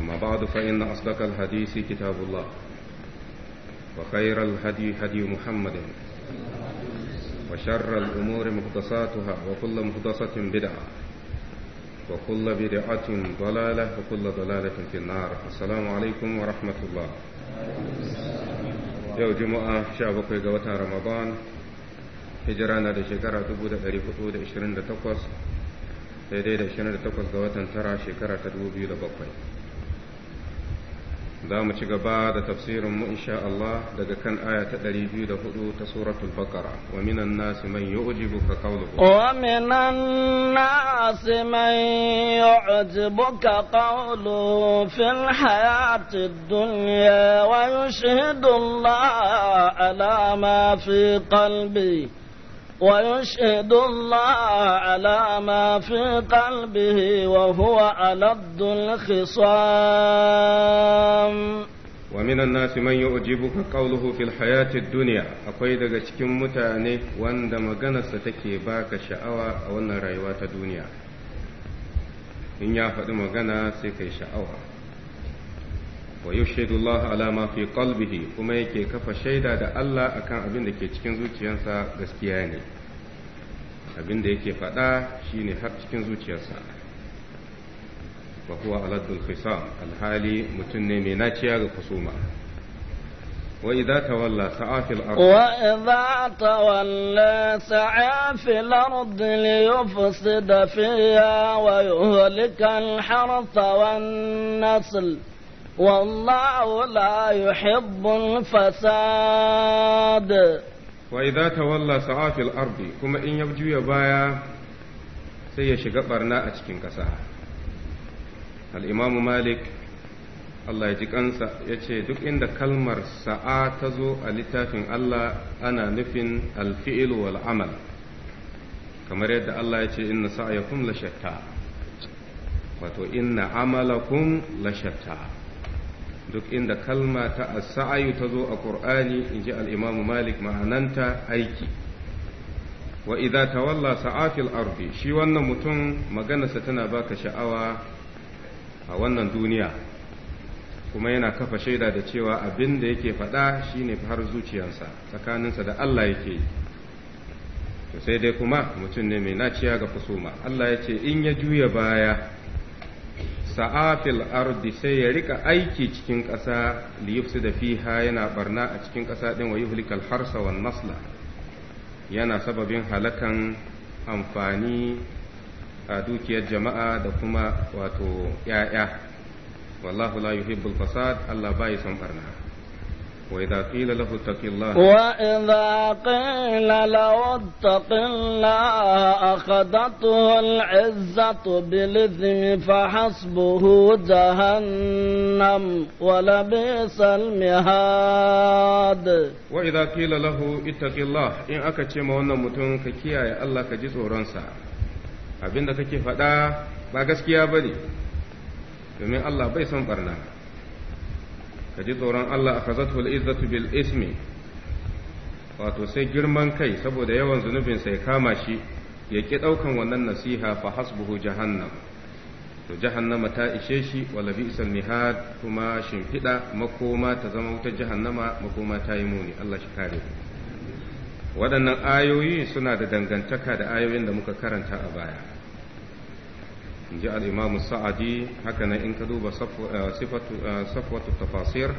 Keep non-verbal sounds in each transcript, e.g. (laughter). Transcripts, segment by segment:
أما بعد فإن أصدق الحديث كتاب الله وخير الهدي هدي محمد وشر الأمور مقدساتها وكل مقدسة بدعة وكل بدعة ضلالة وكل ضلالة في النار السلام عليكم ورحمة الله يوم جمعة شابك جوات رمضان هجرنا لشكرة تبود أريف تبود إشرين لتقص هديد إشرين لتقص جوات ترى شكرة تبود بيلا بقي za mu ci gaba da tafsirin mu insha daga kan aya ta hudu ta suratul baqara wa minan nasi man yu'jibuka qawluhu wa minan nasi man yu'jibuka qawluhu fil hayati dunya wa yushhidu Allah ala ma fi qalbihi ويشهد الله على ما في قلبه وهو ألد الخصام ومن الناس من يعجبك قوله في الحياة الدنيا أقوي دقا شكم متاني وان دم غنس تكي باك شعوى وان رايوات الدنيا إن يافد مغنى سيكي شعوى wa yashhadu Allah ala ma fi qalbihi kuma yake kafa shaida da Allah akan abin da ke cikin zuciyarsa gaskiya ne abin da yake faɗa shine har cikin zuciyarsa wa huwa aladul khisam alhali mutum ne mai naciya ga kusuma وإذا تولى سعى في الأرض وإذا تولى سعى في الأرض ليفسد فيها ويهلك الحرث والنسل والله لا يحب الفساد وإذا تولى سعى في الأرض كما إن يبجو يبايا سيشغ برنا أتكين كسا الإمام مالك Allah ya ji kansa ya ce duk inda kalmar sa'a ta zo a littafin Allah ana nufin alfi'il wal amal kamar yadda Allah ya ce inna sa'yakum la wato inna amalakum la duk inda kalma ta as ta zo a Qur'ani inji al-Imam Malik ma'ananta aiki wa idza tawalla sa'atil ardi shi wannan mutum maganarsa tana baka sha'awa a wannan duniya kuma yana kafa shaida da cewa abin da yake faɗa shine har zuciyarsa tsakaninsa da Allah yake to sai dai kuma mutum ne mai naciya ga kusuma Allah ya ce in ya juya baya sa'afil ardi sai ya rika aiki cikin ƙasa liyufsi da fiha yana barna a cikin ƙasa ɗin wa yuhlikal harsa wan nasla yana sababin halakan amfani a dukiyar jama'a da kuma wato ‘ya'ya wallahu la yuhibbul fasad Allah bai son barna وإذا قيل له اتق الله وإذا قيل له اتق الله أخذته العزة بالإثم فحسبه جهنم ولبئس المهاد وإذا قيل له اتق الله إن أكتشي مهنا متون كيكيا الله كجيس ورنسا abin da kake faɗa ba gaskiya ba ne domin Allah bai son barna ka ji tsoron Allah a kazatu izzatu bil ismi wato sai girman kai saboda yawan zunubin sai kama shi ya ki ɗaukan wannan nasiha fa hasbuhu jahannam to jahannama ta ishe shi wala isan mihad kuma shimfiɗa makoma ta zama wutar jahannama makoma ta yi muni Allah shi kare waɗannan ayoyi suna da dangantaka da ayoyin da muka karanta a baya in ji al'imamu sa'adi haka nan in ka duba eh, eh, safwatu tafasir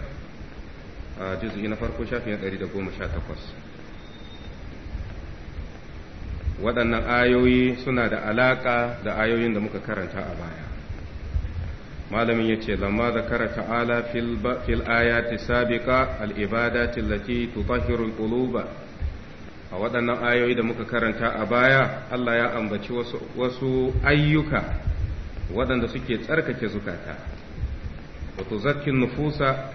a juz'i na farko shafin 118 waɗannan ayoyi suna da alaƙa da ayoyin da muka karanta a baya malamin ya ce lamma zakara ta'ala fil ayati sabiqa al'ibadati lati tutahhirul quluba a waɗannan ayoyi da muka karanta a baya Allah ya ambaci wasu ayyuka waɗanda suke tsarkake zukata wato zakin nufusa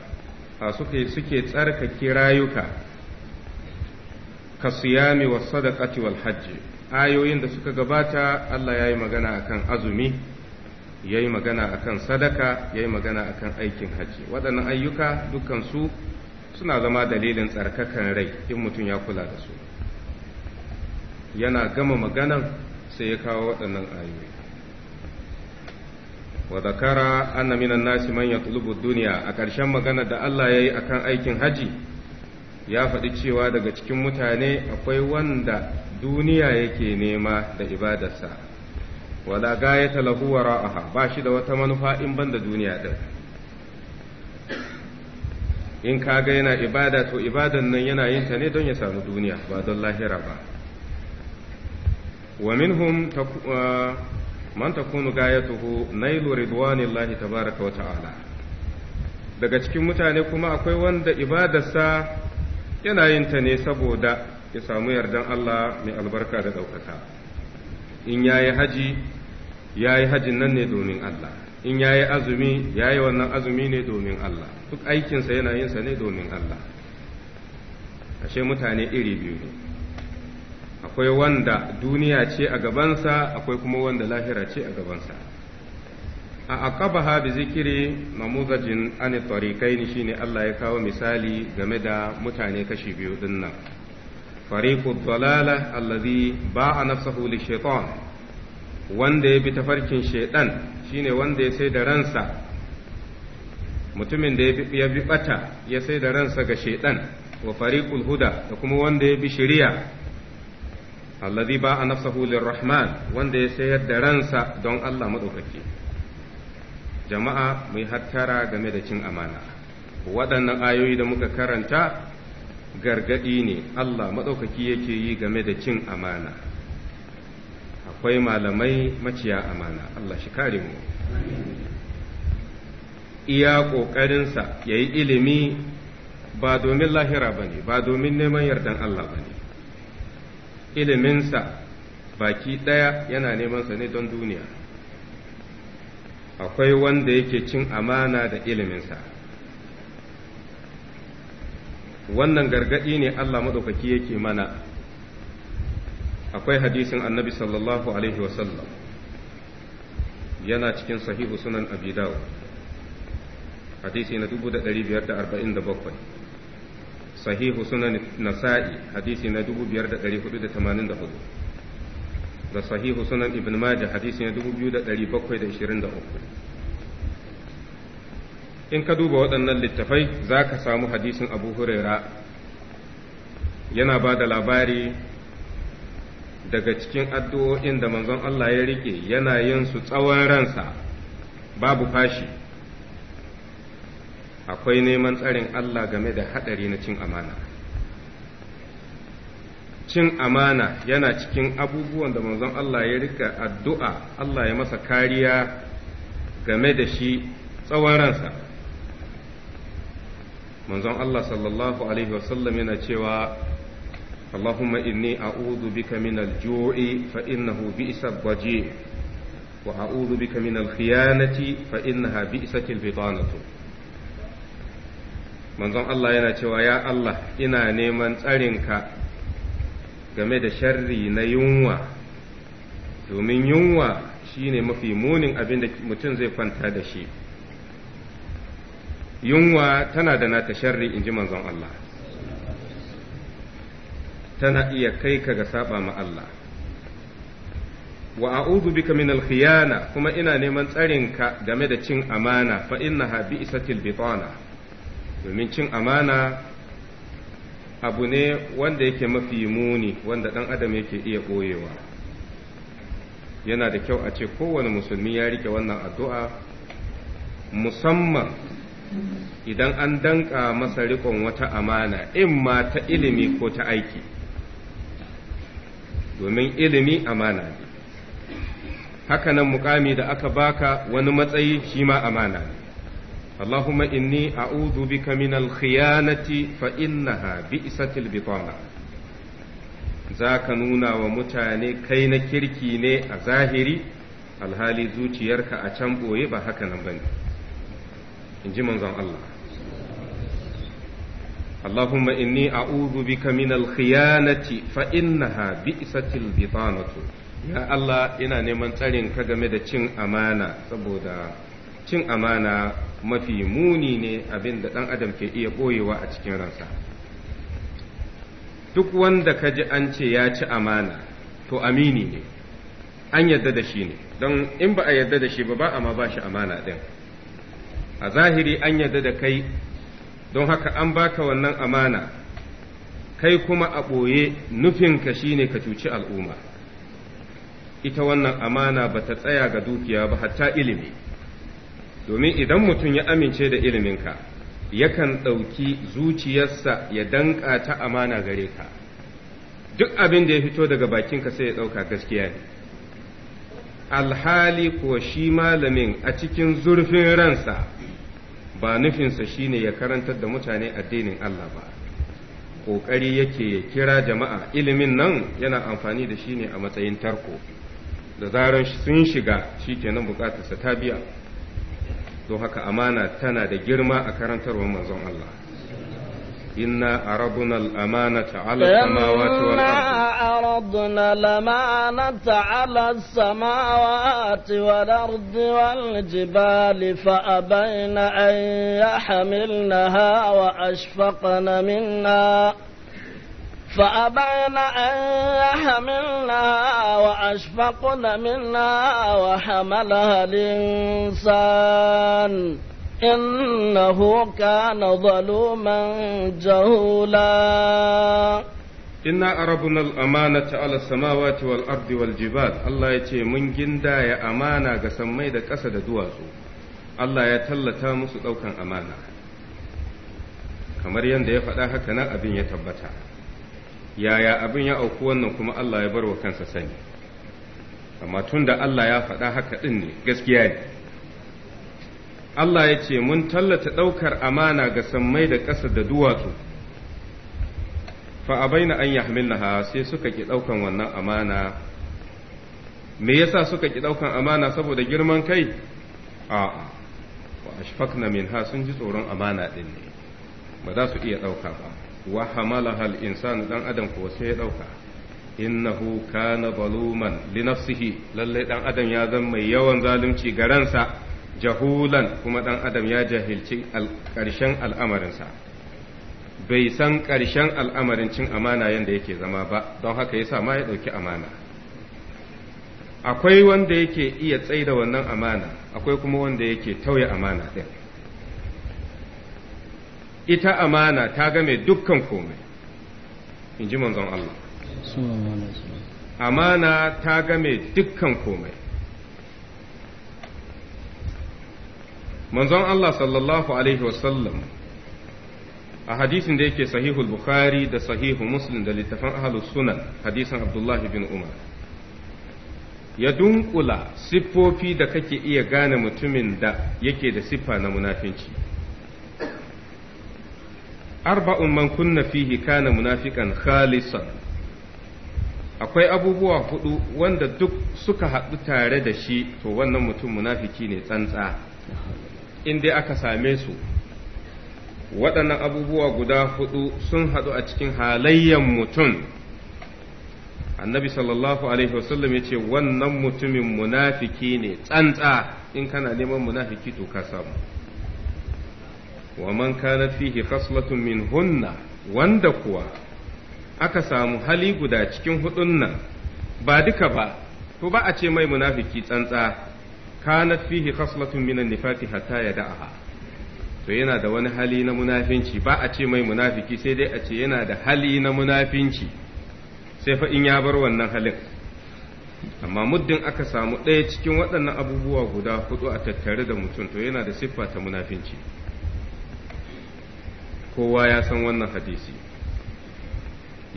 a suke suke tsarkake rayuka ka siyami wa sadaqati wal hajji ayoyin da suka gabata Allah ya yi magana akan azumi ya yi magana akan sadaka ya yi magana akan aikin hajji waɗannan ayyuka dukansu suna zama dalilin tsarkakan rai in mutum ya kula da su yana gama maganan sai ya kawo waɗannan ayoyi wa zakara anna minan nasi man yatlubu duniya a ƙarshen magana da Allah yayi akan aikin haji ya faɗi cewa daga cikin mutane akwai wanda duniya yake nema da ibadarsa wala gayata lahu wara'aha ba shi da wata manufa in banda duniya din in kaga yana ibada to ibadan nan yana yin ta ne don ya samu duniya ba don lahira ba wa minhum man takunu gayatuhu nailu ridwanillahi tabaraka wa ta'ala daga cikin mutane kuma akwai wanda ibadarsa yana yin ta ne saboda ya samu yardan Allah mai albarka da ɗaukaka in yayi haji yayi hajin nan ne domin Allah in yayi azumi yayi wannan azumi ne domin Allah duk aikinsa yana yin sa ne domin Allah ashe mutane iri biyu ne akwai wanda duniya ce a gabansa akwai kuma wanda lahira ce a gabansa a aqabaha bi zikiri namuzajin an tariqain shine Allah ya kawo misali game da mutane kashi biyu dinnan fariqu dalala allazi ba'a nafsahu li wanda ya bi tafarkin shaitan shine wanda ya sai da ransa mutumin da ya bi bata ya sai da ransa ga shaitan wa fariqul huda da kuma wanda ya bi shari'a alladhi ba a Rahman lirrahman wanda ya sayar da ransa don Allah maɗaukaki jama'a mai hattara game da cin amana waɗannan ayoyi da muka karanta gargaɗi ne Allah maɗaukaki yake yi game da cin amana akwai malamai maciya amana Allah shi kare mu iya ƙoƙarinsa ya yi ilimi ba domin lahira ba ne ba domin neman yardan Allah bane. iliminsa baki ɗaya yana neman sa ne don duniya akwai wanda yake cin amana da iliminsa wannan gargaɗi ne Allah maɗaukaki yake mana akwai hadisin annabi sallallahu alaihi wasallam yana cikin sahihu sunan abi dawud hadisi na 1547 sahihu sunan nasa'i hadisi na 5484 da sahihu sunan ibn majah hadisi na 2723 in ka duba waɗannan littafai za ka samu hadisin abu huraira yana ba da labari daga cikin addu'o'in da manzon Allah ya rike yana yin su tsawon ransa babu fashi akwai neman tsarin Allah game da haɗari na cin amana cin amana yana cikin abubuwan da manzon Allah ya rika addu'a Allah ya masa kariya game da shi tsawon ransa manzon Allah sallallahu alaihi wasallam yana cewa inni a'udu اللهم إني أعوذ bi isa الجوع فإنه a'udu الضجيع وأعوذ بك من الخيانة فإنها بئست البطانة manzon Allah yana cewa ya Allah ina neman tsarinka game da sharri na yunwa domin yunwa shine mafi munin abin da mutum zai kwanta da shi yunwa tana da nata sharri in ji manzon Allah tana iya kai ka ga saba ma Allah wa a'udhu bika min al-khiyana kuma ina neman tsarinka game da cin amana fa innaha bi'satil bitana domin cin amana abu ne wanda yake mafi muni wanda ɗan adam yake iya ɓoyewa yana da kyau a ce kowane musulmi ya rike wannan addu'a musamman idan an danƙa masa riƙon wata amana in ma ta ilimi ko ta aiki domin ilimi amana ne hakanan mukami da aka baka wani matsayi shi ma amana ne اللهم إني أعوذ بك من الخيانة فإنها بئست البطانة ذاك نونا ومتاني كين كركيني أزاهري alhali zuciyarka a can ɓoye ba haka nan ba ne in ji manzon Allah Allahumma inni a'udhu bika min al-khiyanati fa innaha bi'satil bitanatu ya Allah ina neman tsarin ka game da cin amana saboda cin amana mafi muni ne abin da ɗan adam ke iya ɓoyewa a cikin ransa duk wanda ka ji an ce ya ci amana to amini ne an yadda da shi ne don in ba a yadda da shi ba ba amma ba shi amana ɗin a zahiri an yadda da kai don haka an baka wannan amana kai kuma a ɓoye nufinka shine ka cuci al'umma ita wannan amana ba ta tsaya ga dukiya ba hatta ilimi domin idan mutum ya amince da iliminka yakan ɗauki zuciyarsa ya danƙa ta amana gare ka duk abin da ya fito daga bakinka sai ya ɗauka gaskiya ne alhali ko shi malamin a cikin zurfin ransa ba nufinsa shine ya karantar da mutane addinin Allah ba ƙoƙari yake ya kira jama'a ilimin nan yana amfani da shi ne a matsayin tarko da zarar sun shiga shi kenan bukatarsa ta biya don haka amana tana da girma a karantarwar manzon Allah inna aradna al-amanata 'ala samawati wal aradna al-amanata 'ala samawati wal ardi wal jibali fa abayna an yahmilnaha wa ashfaqna minha فأبين أن يحملنها وأشفقن منها وحملها الإنسان إنه كان ظلوما جهولا إنا أربنا الأمانة على السماوات والأرض والجبال الله يتي من جندا يا أمانة قسمي دا قسد دوازو الله يتلتا مسو أو كان أمانة kamar yadda ya faɗa haka nan abin ya tabbata yaya abin ya auku wannan kuma Allah ya bar wa kansa sani amma tun da Allah ya faɗa haka ɗin ne gaskiya ne Allah ya ce mun tallata ɗaukar amana ga sammai da ƙasa da duwatsu fa'abaina an yahmilnaha sai suka ƙi ɗaukan wannan amana me yasa suka ƙi ɗaukan amana saboda girman kai a'a wa ashfaqna minha sun ji tsoron amana ɗin ne ba za su iya ɗauka ba wa hamalaha al-insan dan adam ko sai ya ɗauka. innahu kana zaluman li nafsihi lalle dan adam ya zama mai yawan zalunci ga ransa jahulan kuma dan adam ya jahilci karshen al'amarinsa bai san karshen al'amarin cin amana yadda yake zama ba don haka yasa ma ya ɗauki amana akwai wanda yake iya tsaida wannan amana akwai kuma wanda yake tauye amana ɗin ita amana ta game dukkan komai in ji manzon Allah amana ta game dukkan komai manzon Allah sallallahu alaihi wasallam a hadisin da yake sahihul bukhari da sahihu muslim da littafin ahlus sunan hadisin abdullah bin umar ya dunkula siffofi da kake iya gane mutumin da yake da siffa na munafinci arba'un man kunna fihi kana munafiqan khalisan akwai abubuwa hudu wanda duk suka haɗu tare da shi to wannan mutum munafiki ne tsantsa in dai aka same su waɗannan abubuwa guda hudu sun haɗu a cikin halayyan mutum annabi sallallahu alaihi wasallam ya ce wannan mutumin munafiki ne tsantsa in kana neman munafiki to ka samu wa man kana fihi khaslatun min hunna wanda kuwa aka samu hali guda cikin hudun nan ba duka ba to ba a ce mai munafiki tsantsa kana fihi khaslatun min an hatta da'a to yana da wani hali na munafinci ba a ce mai munafiki sai dai a ce yana da hali na munafinci sai fa in ya bar wannan halin amma muddin aka samu ɗaya cikin waɗannan abubuwa guda hudu a tattare da mutum to yana da siffa ta munafinci kowa ya san wannan hadisi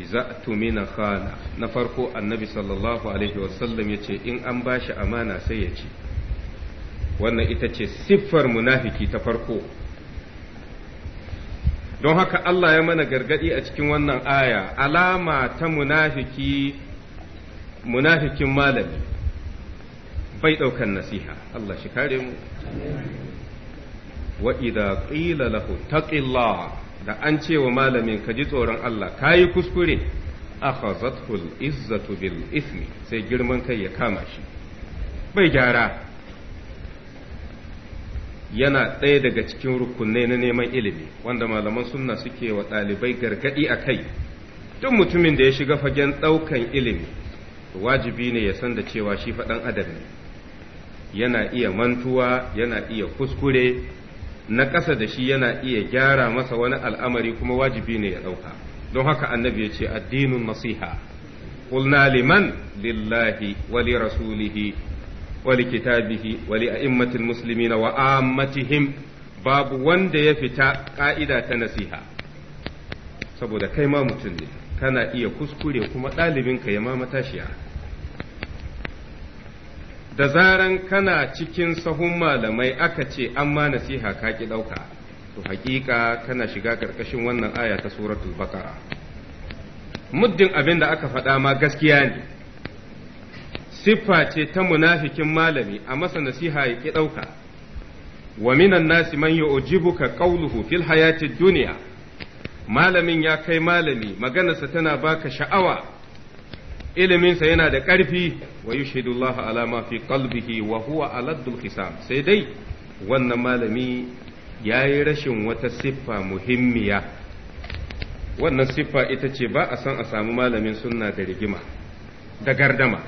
iza tumina khana na farko annabi sallallahu alaihi wasallam ya ce in an ba shi amana sai ya ci wannan ita ce siffar munafiki ta farko don haka Allah ya mana gargadi a cikin wannan aya alama ta munafiki munafikin malami bai ɗaukan nasiha Allah shi kare mu wa idza qila lahu taqillah da an ce wa malamin ka ji tsoron Allah ka yi kuskure akhazatul izzatu bil ismi sai girman kai ya kama shi bai gyara yana ɗaya daga cikin rukunai na neman ilimi wanda malaman sunna suke wa ɗalibai gargaɗi a kai duk mutumin da ya shiga fagen ɗaukan ilimi wajibi ne ya san da cewa shi faɗan adam ne yana iya mantuwa yana iya kuskure na ƙasa da shi yana iya gyara masa wani al'amari kuma wajibi ne ya ɗauka don haka annabi ya ce addinin nasiha قلنا لمن لله ولرسوله ولكتابه ولأئمة Babu wanda ya fita ƙa'ida ta nasiha saboda kai ma mutum ne kana iya kuskure kuma ɗalibinka ya ma matashiya da zaran kana cikin sahun malamai aka ce an ma nasiha ka ki ɗauka to haƙiƙa kana shiga ƙarƙashin wannan aya ta suratul baqara muddin abin da aka faɗa ma gaskiya ne siffa ce ta munafikin malami a masa nasiha ya ki ɗauka wa minan nasi man yu'jibuka qawluhu fil hayati dunya malamin ya kai malami maganarsa tana baka sha'awa iliminsa yana da ƙarfi wa yushhidullahu ala ma fi qalbihi wa huwa aladdul hisab sai dai wannan malami yayi rashin wata siffa muhimmiya wannan siffa ita ce ba a san a samu malamin sunna da rigima da gardama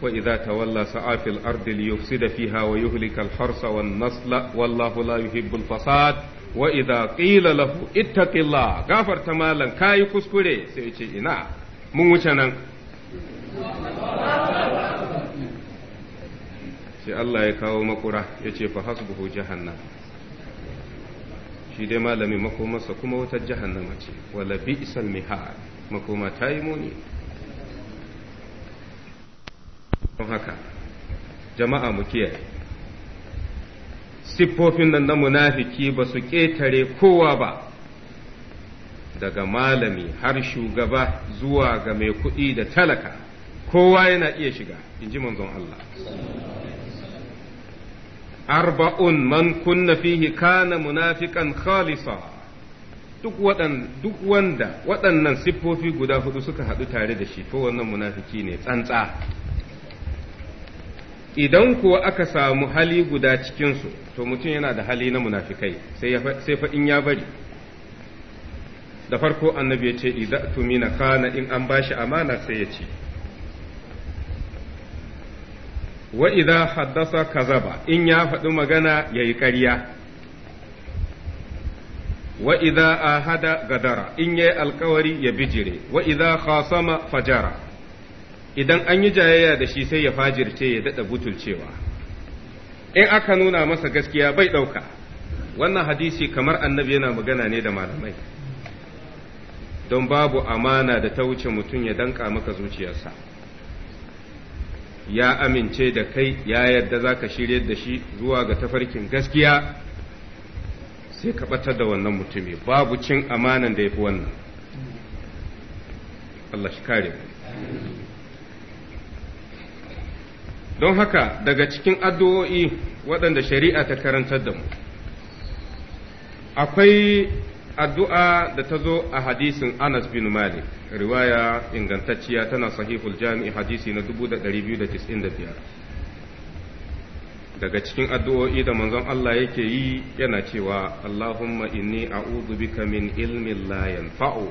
wa idza tawalla sa'afil fil ardi liyufsida fiha wa yuhlikal al-harsa wan nasla wallahu la yuhibbul fasad wa idza qila lahu ittaqillah gafarta malan kai kuskure sai ce ina mun wuce nan sai Allah ya kawo makura ya ce fa hasbuhu jahannam shi dai malamin makomarsa kuma wata jahannama ce wala bi'sal mihar makoma ta yi muni don haka jama'a mu kiyaye siffofin nan na munafiki ba su ƙetare kowa ba daga malami har shugaba zuwa ga mai kuɗi da talaka kowa yana iya shiga in ji manzon Allah arba'un man kunna fihi kana munafiqan khalisa duk duk wanda waɗannan siffofi guda hudu suka haɗu tare da shi to wannan munafiki ne tsantsa idan kuwa aka samu hali guda cikinsu to mutum yana da hali na munafikai sai fa ya bari da farko annabi ya ce idza tumina kana in an bashi amana sai ya ce wa idza haddasa kazaba in ya faɗi magana yayi ƙarya wa idza ahada gadara in yayi alkawari ya bijire wa idza khasama fajara idan an yi jayayya da shi sai ya fajirce ya daɗa butulcewa in aka nuna masa gaskiya bai ɗauka wannan hadisi kamar annabi yana magana ne da malamai don babu amana da ta wuce mutum ya danka maka zuciyarsa ya amince da kai ya yarda za ka shirya da shi zuwa ga tafarkin gaskiya sai ka ɓatar da wannan mutumi babu cin amanan da ya fi wannan Allah shi kare mu don haka daga cikin addu'o'i waɗanda shari'a ta karantar da mu akwai addu'a da ta zo a hadisin Anas bin Malik riwaya ingantacciya tana sahihul jami'i hadisi na 2295 daga cikin addu'o'i da manzon Allah yake yi yana cewa Allahumma inni a'udhu bika kamin ilmin layan fa’o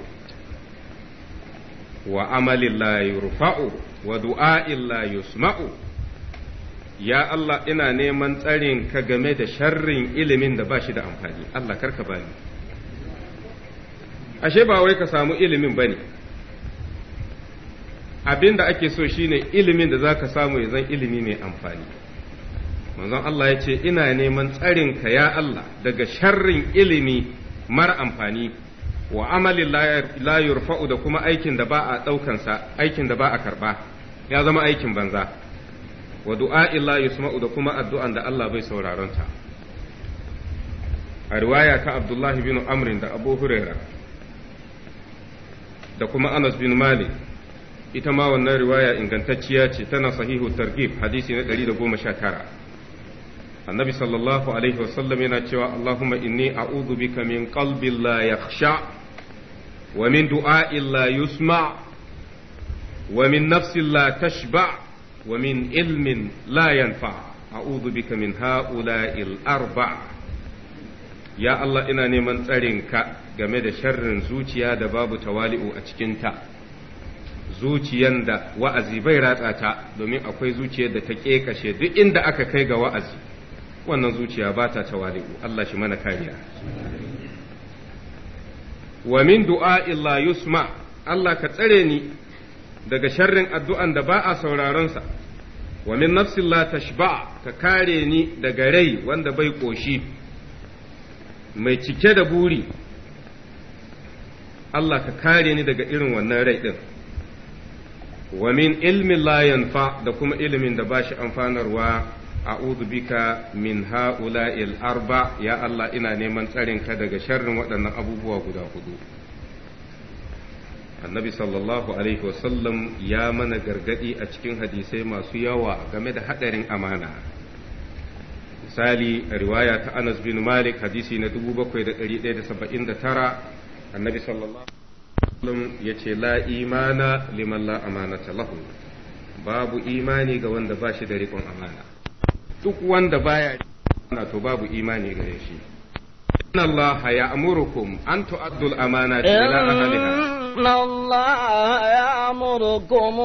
wa amalin yurfa'u wa du'a'in yusma'u ya Allah ina neman tsarin ka game da sharrin ilimin da ba shi da amfani Allah karka bani ashe ba wai ka samu ilimin bane abin da ake so shine ilimin da zaka samu ya zan ilimi mai amfani manzon Allah ya ce ina neman tsarin ka ya Allah daga sharrin ilimi mara amfani wa amalin la yurfa'u da kuma aikin da ba a ɗaukansa aikin da ba a karɓa ya zama aikin banza wa du'a illa yusma'u da kuma addu'an da Allah bai sauraron ta a riwaya ta Abdullahi bin Amrin da Abu Huraira da kuma Anas bin Malik ita ma wannan riwaya ingantacciya ce tana sahihu targhib hadisi na 119 annabi sallallahu alaihi wasallam yana cewa Allahumma inni a'udhu bika min qalbin la yakhsha wa min du'a'in la yusma' wa min nafsin la tashba' wa min ilmin la yanfa a'udhu bika min ha'ula'il arba ya Allah ina neman tsarinka game da sharrin zuciya da babu tawali'u a cikinta zuciyan da wa'azi bai ratsa ta domin akwai zuciyar da ta ƙeƙashe duk inda aka kai ga wa'azi wannan zuciya ba ta tawali'u Allah shi mana kariya wa min du'a illa yusma Allah ka tsare ni daga sharrin addu'an da ba a sauraronsa wa min nafsin la tashba ka kare ni daga rai wanda bai ƙoshi mai cike da buri Allah ka kare ni daga irin wannan rai ɗin wa min ilmin la fa da kuma ilimin da ba shi amfanarwa a'udhu bika min ha'ula'il arba ya Allah ina neman tsarinka daga sharrin waɗannan abubuwa guda hudu annabi sallallahu alaihi wasallam ya mana gargadi a cikin hadisai masu yawa game da hadarin amana misali riwaya ta Anas bin Malik hadisi na 7179 annabi sallallahu alaihi ya ce la imana liman la amanata lahu babu imani ga wanda ba shi da riƙon amana duk wanda baya amana to babu imani gare shi Allah ya amurukum an tu'addul amana ila ahliha إن الله يأمركم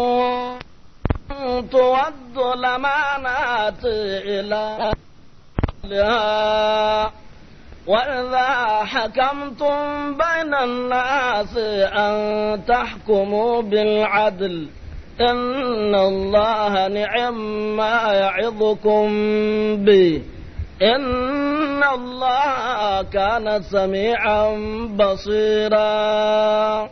أن تودوا الأمانات إلى أهلها وإذا حكمتم بين الناس أن تحكموا بالعدل إن الله نعم ما يعظكم به إن الله كان سميعا بصيرا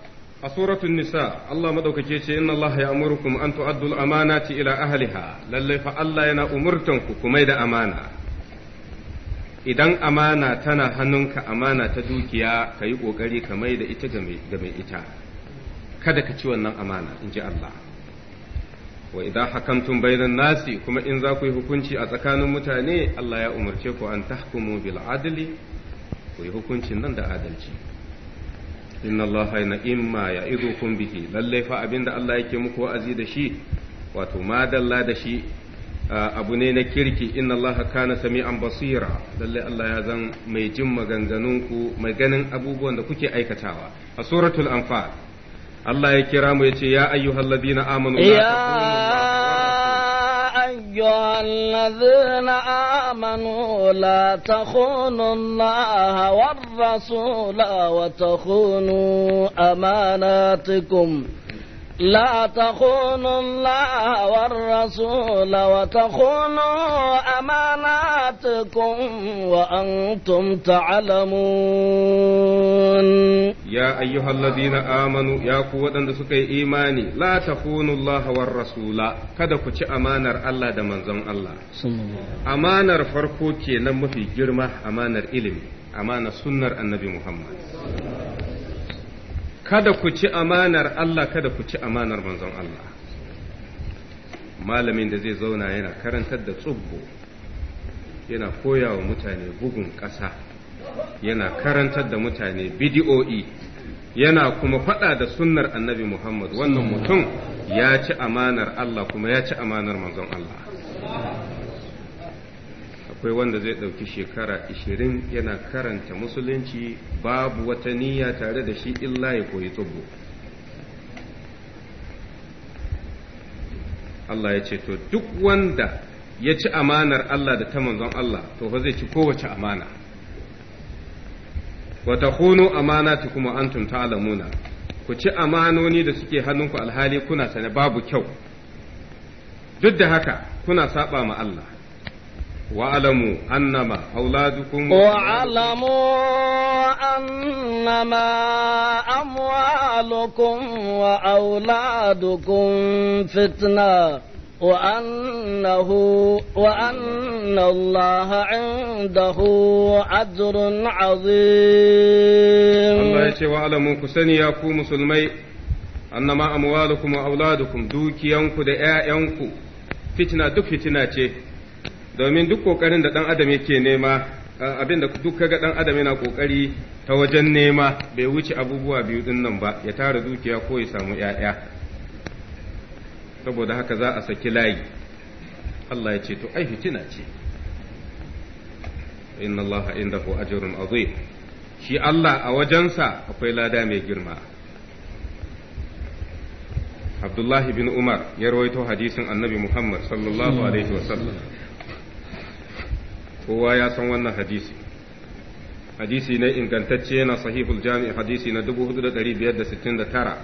a suratun nisa Allah madaukake ce inna Allah ya amurkum an tu'addul amanati ila ahliha lalle fa Allah yana umurtan ku kuma da amana idan amana tana hannunka amana ta dukiya kayi kokari ka mai da ita ga mai ita kada ka ci wannan amana in ji Allah wa idan hakamtum bainan nasi kuma in za ku yi hukunci a tsakanin mutane Allah ya umarce ku an tahkumu bil adli ku yi hukuncin nan da adalci inna Allah na imma ya izukum bihi lallai fa abinda Allah yake muku wa'azi da shi wato madalla da shi abu ne na kirki inna allaha kana sami'an basira lallai Allah ya zan mai jin maganganunku mai ganin abubuwan da kuke aikatawa a suratul anfal Allah ya kira mu ya ce ya ayyuhal ladina amanu ya أيها الذين آمنوا لا تخونوا الله والرسول وتخونوا أماناتكم لا تخونوا الله والرسول وتخونوا أماناتكم وأنتم تعلمون يا أيها الذين آمنوا يا قوة سكي إيماني لا تخونوا الله والرسول kada ku ci amanar Allah da manzon Allah amanar farko kenan mafi girma amanar ilimi amanar sunnar annabi Muhammad kada ku ci amanar Allah kada ku ci amanar manzon Allah malamin da zai zauna yana karantar da tsubbo yana koya wa mutane bugun ƙasa yana karantar da mutane bidi'o'i yana kuma faɗa da sunnar annabi Muhammad wannan mutum ya ci amanar Allah kuma ya ci amanar manzon Allah akwai wanda zai ɗauki shekara ishirin yana karanta musulunci babu wata niyya tare da shi illa ya koyi tsubu Allah ya ce to duk wanda ya ci amanar Allah da ta manzon Allah to fa zai ci kowace amana wa amana ta kuma antum ta'lamuna ku ci amanoni da suke hannunku alhali kuna sane babu kyau duk da haka kuna saba ma Allah واعلموا أنما أولادكم واعلموا أنما أموالكم وأولادكم فتنة وأنه وأن الله عنده أجر عظيم الله يشي واعلموا كسني يا مسلمي أنما أموالكم وأولادكم دوكي ينكو دعاء ينكو فتنة دك فتنة domin duk kokarin da ɗan adam yake nema abin da duk kaga ɗan adam yana kokari ta wajen nema bai wuce abubuwa biyu ɗin nan ba ya tara dukiya ko ya samu 'ya'ya saboda haka za a saki layi Allah ya ce to ai fitina ce inna Allah ko ajrun azim shi Allah a wajensa akwai lada mai girma Abdullahi bin Umar ya rawaito hadisin Annabi Muhammad sallallahu alaihi wasallam kowa ya san wannan hadisi hadisi ne ingantacce na sahihul jami hadisi na 4569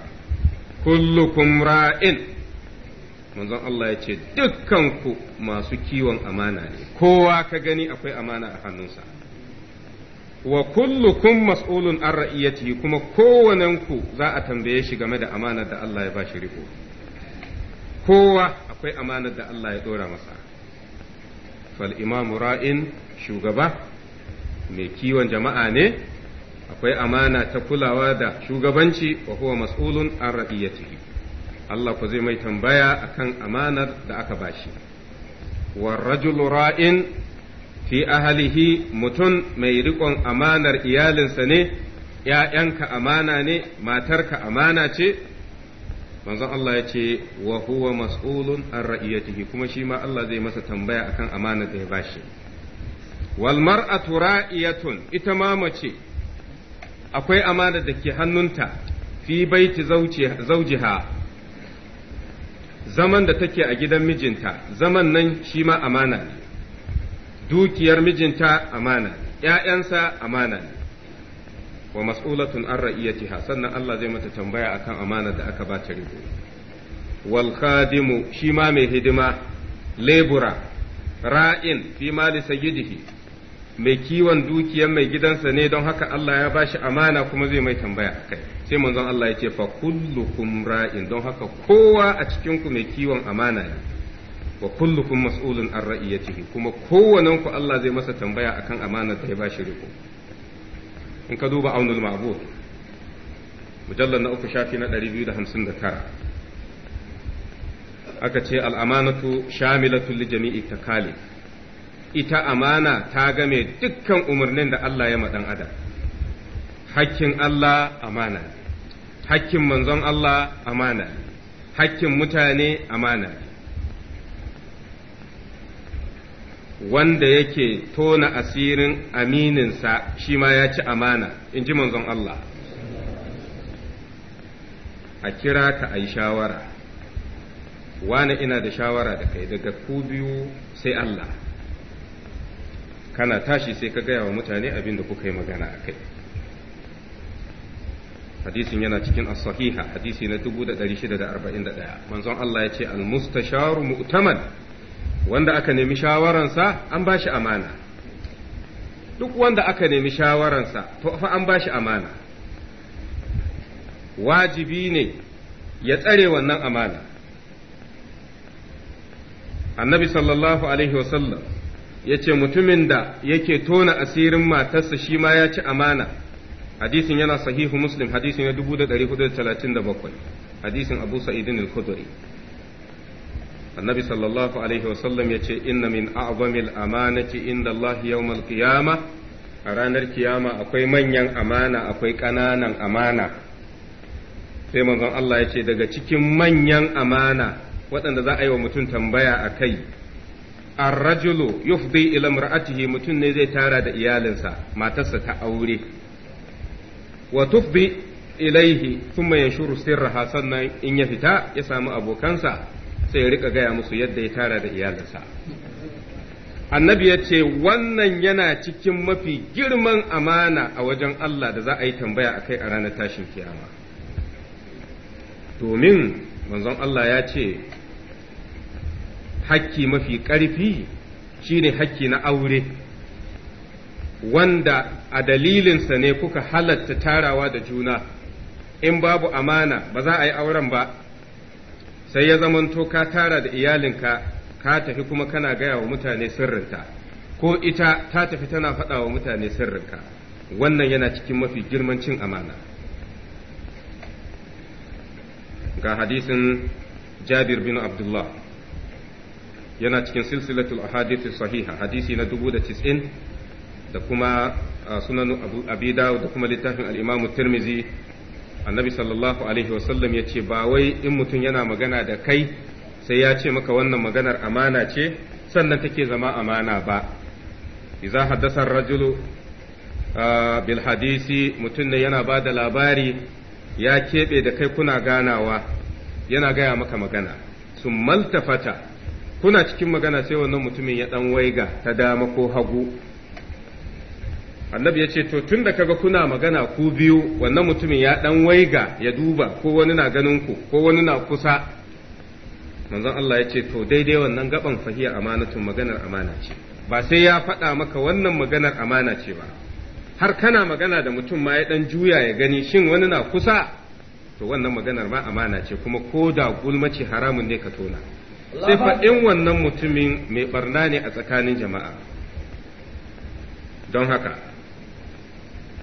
kullukum ra'in manzon Allah ya ce dukkanku masu kiwon amana ne kowa ka gani akwai amana a hannunsa wa kullukum mas'ulun an ra'iyati kuma kowanenku za a tambaye shi game da amanar da Allah ya ba shi riko kowa akwai amanar da Allah ya dora masa fal imamu ra'in shugaba mai kiwon jama'a ne akwai amana ta kulawa da shugabanci wa huwa mas'ulun an ra'iyatihi Allah ku zai mai tambaya akan amanar da aka bashi war rajulu ra'in fi ahalihi mutum mai riƙon amanar iyalinsa ne ‘ya'yanka amana ne, matarka amana ce, manzon Allah yace ce wa huwa mas'ulun an ra'iyatihi kuma shi ma Allah zai masa tambaya akan amana da ya bashi wal mar'atu ra'iyatun ita ma mace akwai amana da ke hannunta fi baiti zaujiha zaman da take a gidan mijinta zaman nan shi ma amana dukiyar mijinta amana ne ‘ya'yansa amana ne wa mas'ulatun an ra'iyatiha sannan Allah zai mata tambaya akan amana da aka ba ta riko wal khadimu shi ma mai hidima lebura ra'in fi mali sayyidihi mai kiwon dukiyar mai gidansa ne don haka Allah ya bashi amana kuma zai mai tambaya akai sai manzon Allah ya ce fa kullukum ra'in don haka kowa a cikin ku mai kiwon amana ne wa kullukum mas'ulun an ra'iyatihi kuma kowannen ku Allah zai masa tambaya akan amanar da ya bashi riko in ka duba aunul ma'bud mujallar na uku shafi na 259 aka ce al'amanatu shamilatul li jami'i takali ita amana ta game dukkan umarnin da Allah ya maɗan adam hakkin Allah amana hakkin manzon Allah amana hakkin mutane amana wanda yake tona asirin amininsa shi ma ya ci amana in ji manzon Allah a kira ka a yi shawara wani ina da shawara da kai daga ku biyu sai Allah kana tashi sai ka gaya wa mutane abin da kuka yi magana a kai hadisin yana cikin as-sahiha hadisi na 1641 manzon Allah ya ce al-mustasharu mu'taman wanda aka nemi shawaransa an ba shi amana duk wanda aka nemi shawaransa to fa an ba shi amana wajibi ne ya tsare wannan amana annabi sallallahu alaihi wasallam ya ce mutumin da yake tona asirin matarsa shi ma ya ci amana hadisin yana sahihu muslim hadisi da 1437 hadisin abu sa'idin al-khudri annabi sallallahu alaihi wasallam ya ce inna min a'zamil amanati inda Allah yawmal qiyama a ranar kiyama akwai manyan amana akwai ƙananan amana sai manzon Allah ya ce daga cikin manyan amana waɗanda za a yi wa mutum tambaya a kai ar-rajulu yufdi ila imra'atihi mutum ne zai tara da iyalinsa matarsa ta aure wa tufdi ilaihi thumma yanshuru sirraha sannan in ya fita ya samu abokansa sai ya rika gaya musu yadda ya tara da iyalinsa annabi ya ce wannan yana cikin mafi girman amana a wajen Allah da za a yi tambaya a kai a ranar tashin kiyama domin manzon Allah ya ce hakki mafi ƙarfi shine hakki na aure wanda a dalilinsa ne kuka halatta tarawa da juna in babu amana ba za a yi auren ba sai ya zamanto ka tara da iyalinka ka tafi kuma kana gaya wa mutane sirrinta ko ita ta tafi tana faɗa wa mutane sirrinka wannan yana cikin mafi girman cin amana ga hadisin jabir bin abdullah yana cikin silsilatul ahadith sahiha hadisi na dubu da da kuma ah, sunan abida da kuma littafin al tirmizi annabi sallallahu alaihi wasallam ya ce ba wai in mutum yana magana da kai sai ya ce maka wannan maganar amana ce sannan take zama amana ba Iza haddasa rajulu bil hadisi mutum ne yana ba da labari ya keɓe da kai kuna ganawa yana gaya maka magana sun maltafata kuna cikin magana sai wannan mutumin ya ɗan waiga ta dama ko hagu annabi ya ce to tun da kaga kuna magana ku biyu wannan mutumin ya dan waiga ya duba ko wani na ganin ku ko wani na kusa manzon Allah ya ce to daidai wannan gaban fahiya amanatun maganar amana ce ba sai ya faɗa maka wannan maganar amana ce ba har kana magana da mutum ma ya dan juya ya gani shin wani na kusa to wannan maganar ma amana ce kuma ko da ce haramun ne ka tona sai fa in wannan mutumin mai barna ne a tsakanin jama'a don haka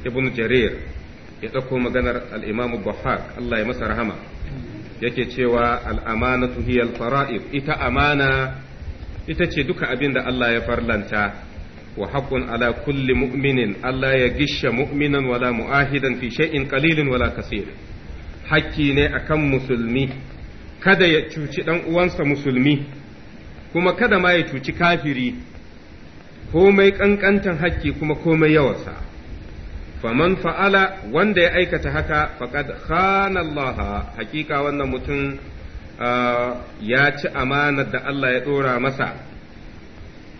ibn jarir ya ɗauko maganar al'imamu Bafak Allah ya masa rahama yake cewa al'amana hiya fara'id ita amana ita ce duka abin da Allah ya farlanta wa haƙun ala kulli mu'minin Allah ya gisha mu'minan wala mu'ahidan fi shay'in qalilin wala kasir hakki ne akan musulmi kada ya cuci ɗan uwansa musulmi kuma kada ma ya cuci kafiri komai ƙanƙantan hakki kuma komai yawansa faman fa'ala wanda ya aikata haka faqad khana Allah hakika wannan mutum ah, ya ci amanar da Allah ya ɗora masa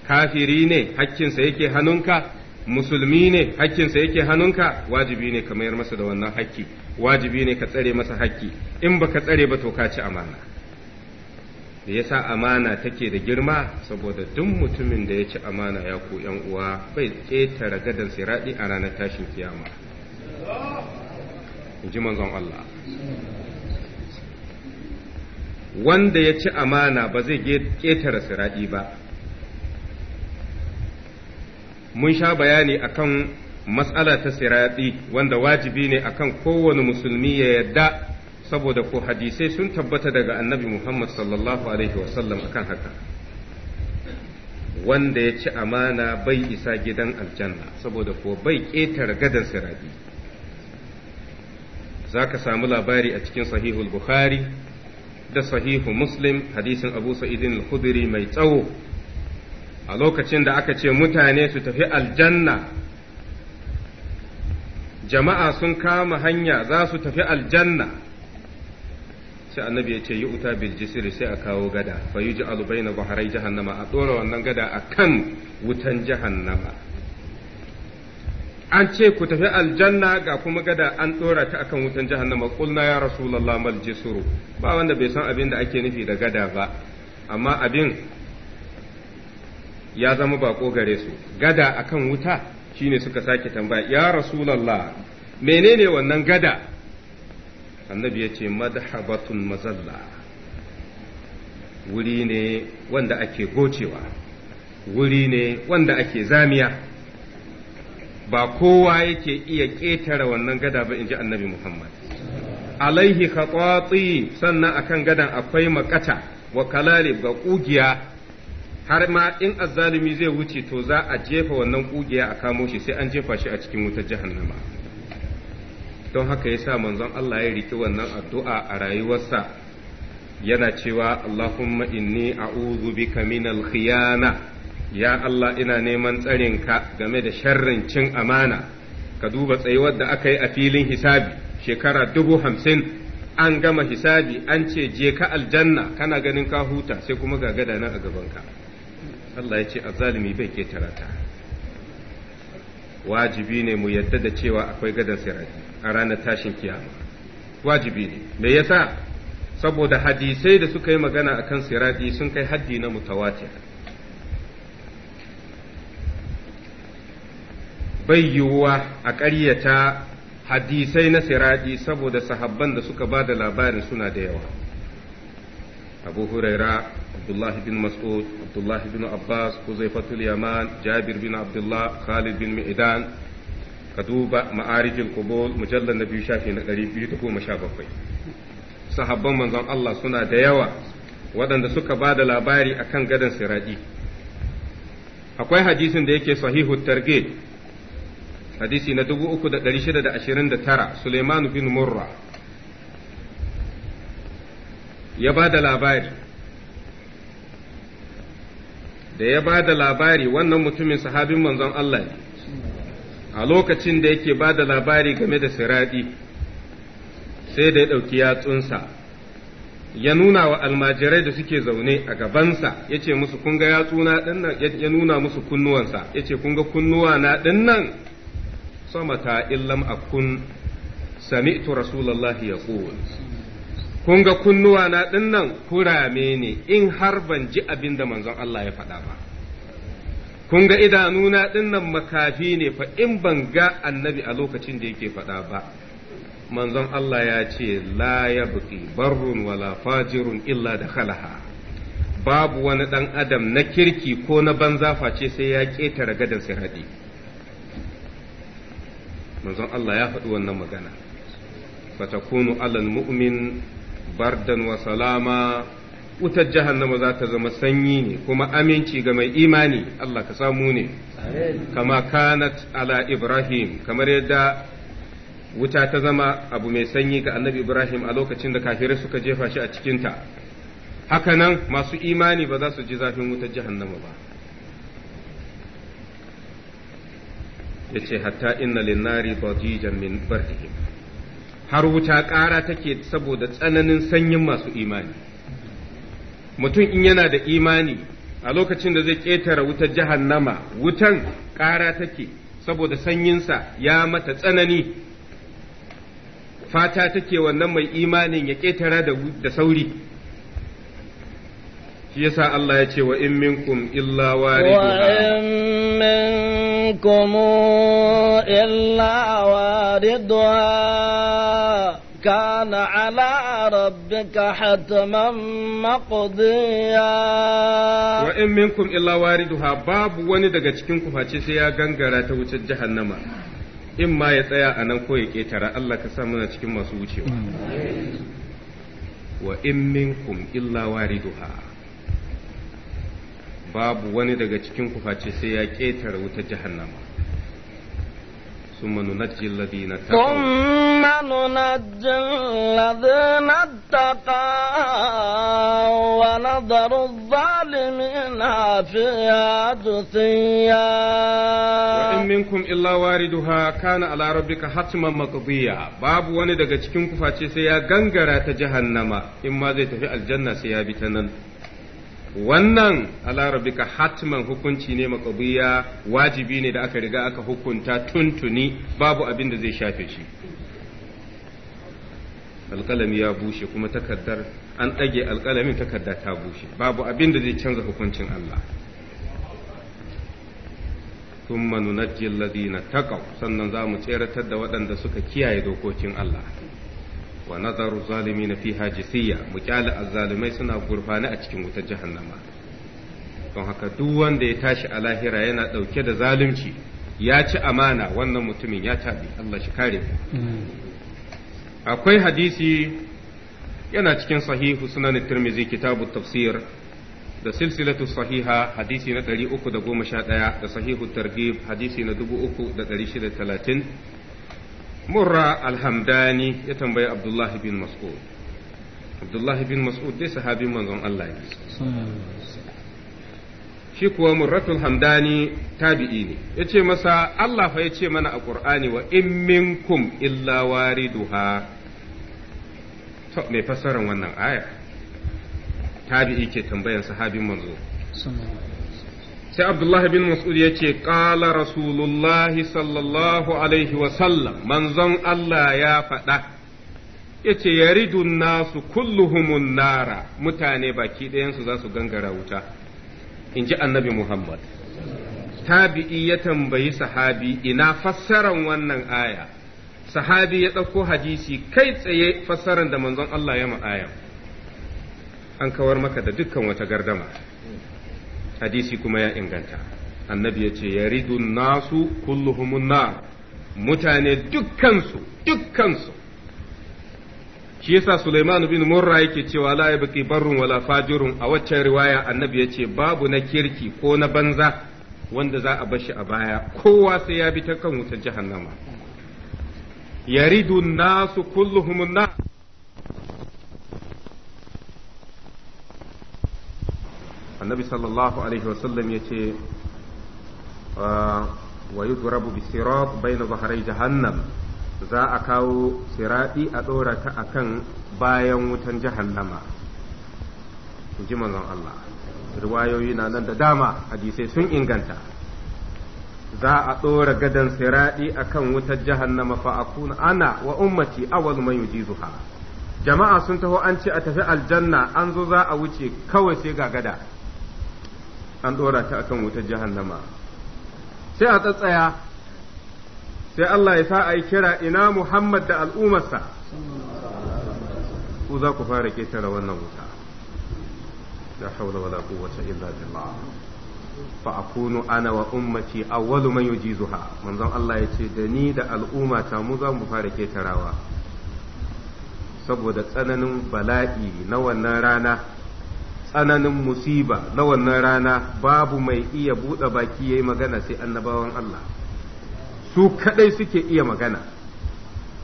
kafiri ne hakkinsa yake hannunka musulmi ne hakkinsa yake hannunka wajibi ne ka mayar masa da wannan hakki wajibi ne ka tsare masa hakki in baka tsare ba to ka ci amana da yasa amana take da girma saboda duk mutumin da ya ci amana ya ku yan uwa bai ƙetare gadon siradi a ranar tashin kiyama in ji manzon Allah wanda ya ci amana ba zai ƙetare siraɗi ba mun sha bayani akan matsala ta siradi wanda wajibi ne akan kowane musulmi ya yadda. saboda ko hadisai sun tabbata daga annabi Muhammad sallallahu alaihi wasallam akan haka wanda ya ci amana bai isa gidan aljanna saboda ko bai ƙetare gadan sirabi za ka samu labari a cikin sahihul bukhari da sahihu muslim hadisin abu sa'idin al-khudri mai tsawo a lokacin da aka ce mutane su tafi aljanna jama'a sun kama hanya za su tafi aljanna sai annabi ya ce yi uta bil jisiri sai a kawo gada fa ji alubai na baharai jahannama a ɗora wannan gada a kan wutan jahannama an ce ku tafi aljanna ga kuma gada an dora ta akan wutan jahannama kulna ya rasulullah mal jisru ba wanda bai san abin da ake nufi da gada ba amma abin ya zama bako gare su gada akan wuta shine suka sake tambaya ya rasulullah menene wannan gada annabi ya ce madhabatun mazalla wuri ne wanda ake gocewa wuri ne wanda ake zamiya ba kowa yake iya ƙetare wannan gada ba in ji annabi muhammad alaihi khatwati sannan akan gadan akwai makata wa kalalib ga ƙugiya har ma in azzalumi zai wuce to za a jefa wannan ƙugiya a kamo shi sai an jefa shi a cikin wutar jahannama don haka ya sa manzon Allah ya riƙe wannan addu'a a rayuwarsa yana cewa Allahumma inni a'udhu bika minal khiyana ya Allah ina neman tsarinka game da sharrin cin amana ka duba tsayuwar da aka yi a filin hisabi shekara dubu hamsin an gama hisabi an ce je ka aljanna kana ganin ka huta sai kuma ga gada nan a gabanka Allah ya ce azzalimi bai ke tarata wajibi ne mu yadda da cewa akwai gadan sirati a ranar tashin kiyama wajibi ne me yasa saboda hadisai da suka yi magana akan siradi sun kai haddi na mutawatir bai yiwuwa a ƙaryata hadisai na siradi saboda sahabban da suka ba da labarin suna da yawa abu huraira abdullah bin mas'ud abdullah bin abbas huzaifatul yaman jabir bin abdullah khalid bin mi'dan ka duba ma'arijin kubul mujallar na biyu shafi na ɗari biyu da goma sha bakwai sahabban manzon Allah suna da yawa waɗanda suka ba da labari akan gadon siraɗi akwai hadisin da yake sahihu targe hadisi na dubu uku da da da ɗari shida ashirin tara Suleiman bin Murra ya ba da labari da ya ba da labari wannan mutumin sahabin manzon Allah ne a lokacin da yake ba da labari game da siradi, sai da ya ɗauki yatsunsa ya nuna wa almajirai da suke zaune a gabansa ya ce musu kun ga yatsuna ya nuna musu kunnuwansa ya ce kun ga kunnuwa na sama ta illam sami ito rasulallah ya kun ga kunnuwa na nan, kurame ne in har ban ji abin da manzon Allah ya faɗa ba kun ga idanu na dinnan makafi ne fa in ban ga annabi a lokacin da yake faɗa ba manzon Allah ya ce la ya buƙi barrun wala fajirun illa da khalaha babu wani ɗan adam na kirki ko na banza face sai ya ƙetare gadon sirhaɗi manzon Allah ya faɗi wannan magana fatakunu alal mu'min bardan wa salama wutar jahannama za ta zama sanyi ne kuma aminci ga mai imani Allah ka samu ne kama kanat ala Ibrahim kamar yadda wuta ta zama abu mai sanyi ga annabi Ibrahim a lokacin da kafirai suka jefa shi a cikinta hakanan masu imani ba za su ji zafin wutar jahannama ba yace hatta inna linnari dajijan min bardihim har wuta ƙara take saboda tsananin sanyin masu imani mutum in yana da imani a lokacin da zai ƙetare wutar jahannama wutan ƙara take saboda sanyinsa ya mata tsanani fata take wannan mai imanin ya ƙetara da sauri shi yasa Allah ya ce wa in minkum illa illa wariduha كان على ربك حتما مقضيا وإن منكم إلا واردها باب وني daga cikin ku face sai ya gangara ta wucin jahannama in ma ya tsaya a nan ko ya ketara Allah ka sa muna cikin masu wucewa wa in minkum illa wariduha babu wani daga cikin ku face sai ya ketara wutar jahannama ثم ننجي الذين اتقوا ثم ننجي الذين اتقوا ونذر الظالمين فيها جثيا وإن منكم إلا واردها كان على ربك حتما مقضيا باب wani daga cikin kuface sai ya gangara ta jahannama in ma zai tafi aljanna sai ya bi ta nan wannan alarabika hatman hukunci ne makabiya wajibi ne da aka riga aka hukunta tuntuni babu abin da zai shafe shi alƙalami ya bushe kuma takardar an ɗage alkalamin takarda ta bushe babu abin da zai canza hukuncin Allah ثم ننجي الذين تقوا sannan za mu tseratar da waɗanda suka kiyaye dokokin Allah wa nazaru zalimina fiha jisiya mu kyala azzalumai suna gurfani a cikin wutar jahannama don haka duk wanda ya tashi a lahira yana dauke da zalunci ya ci amana wannan mutumin ya tabi Allah shi kare akwai hadisi yana cikin sahihu sunan tirmizi kitabu tafsir da silsilatu sahiha hadisi na 311 da sahihu targhib hadisi na 3630 murra alhamdani ya tambayi abdullahi bin mas'ud abdullahi bin mas'ud dai sahabin manzon Allah ne shi kuwa murratul hamdani tabi'i ne ya ce masa Allah fa ya ce mana a ƙur'ani wa in minkum illa wariduha to mai fassarar wannan aya tabi'i ke tambayan sahabin manzo sai Abdullahi bin Mas'ud ya ce, Ƙala Rasulullahi sallallahu Alaihi wasallam, manzon Allah ya faɗa, ya ce, Yaridun nasu kulluhumun nara, mutane baki ɗayansu za su gangara wuta, in ji annabi Muhammad. Tabi'i ya tambayi sahabi, ina fassaran wannan aya, sahabi ya ɗauko hadisi kai tsaye fassaran da manzon Allah ya ma'aya. An kawar maka da dukkan wata gardama. hadisi kuma ya inganta annabi ya ce nasu kulluhumun na mutane dukkansu dukkansu shi yasa Suleiman bin Murra yake cewa la yabqi barrun wala fajirun a waccan riwaya annabi yace babu na kirki ko na banza wanda za a bashi a baya kowa sai ya bi ta kan wutar jahannama yaridu nasu kulluhumun na annabi sallallahu alaihi wasallam ya ce wa yudrabu bi sirat bayna zahrai jahannam za a kawo siradi a dora ta akan bayan wutan jahannama in ji Allah riwayoyi na nan da dama hadisai sun inganta za a dora gadan siradi akan wutar jahannama fa akuna ana wa ummati awal man yujizuha jama'a sun taho an ce a tafi aljanna an zo za a wuce kawai sai ga gada an ɗora ta akan wutar jahannama sai a tsatsaya sai Allah ya sa a yi kira ina Muhammad da al'ummarsa ku za ku fara ƙetare wannan wuta la haula wala quwwata illa jama'a. fa akunu ana wa ummati awwalu man yujizuha manzon Allah ya ce da ni da al'ummata mu za mu fara ketarawa saboda tsananin bala'i na wannan rana tsananin musiba na wannan rana babu mai iya buɗe baki ya yi magana sai annabawan Allah su kaɗai suke iya magana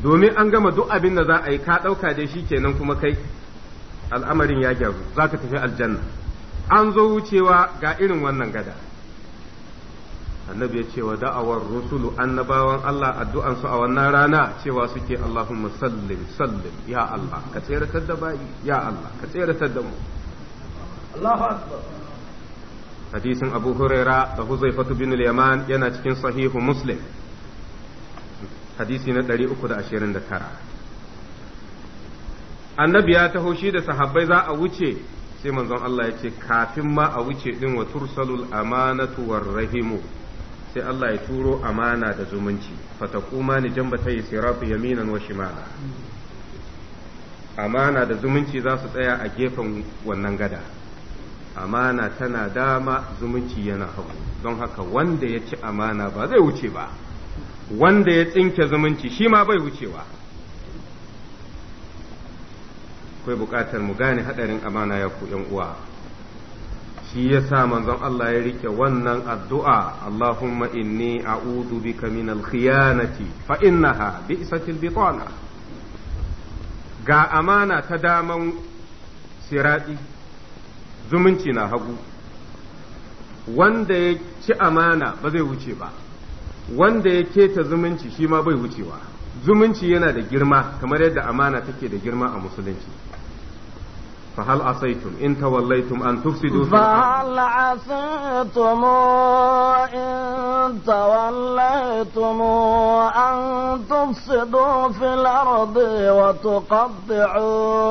domin an gama duk abin da za a yi ka ɗauka da shi kenan kuma kai al'amarin ya gyaru za ka tafi aljanna an zo wucewa ga irin wannan gada annabi ya ce wa da'awar rusulu annabawan Allah addu'ansu a wannan rana cewa suke Allahumma sallim sallim ya Allah ka tsere da bayi ya Allah ka tsere da mu hadisin abu huraira da huzaifatu bin yaman yana cikin sahihu muslim hadisi na 329 annabi ya taho shi da sahabbai za a wuce sai manzon Allah ya ce kafin ma a wuce din wa tursalul amanatu war rahimu sai Allah ya turo amana da zumunci fatakuma ni jambata sirafu yaminan wa shimala amana da zumunci za su tsaya a gefen wannan gada amana tana dama zumunci yana hagu don haka wanda ya ci amana ba zai wuce ba wanda ya tsinke zumunci shi ma bai wucewa akwai buƙatar mu gane haɗarin amana ya ku uwa shi ya sa manzon Allah ya rike wannan addu'a Allahumma inni a'udu bika min al-khiyanati fa innaha bi'satil bitana ga amana ta daman siraɗi zumunci na hagu wanda ya ci amana ba zai wuce ba wanda ya keta zumunci shi ma bai wucewa zumunci yana da girma kamar yadda amana take da girma a musulunci فهل عصيتم إن توليتم أن تفسدوا في فهل عصيتم إن توليتم أن تفسدوا في الأرض وتقطعوا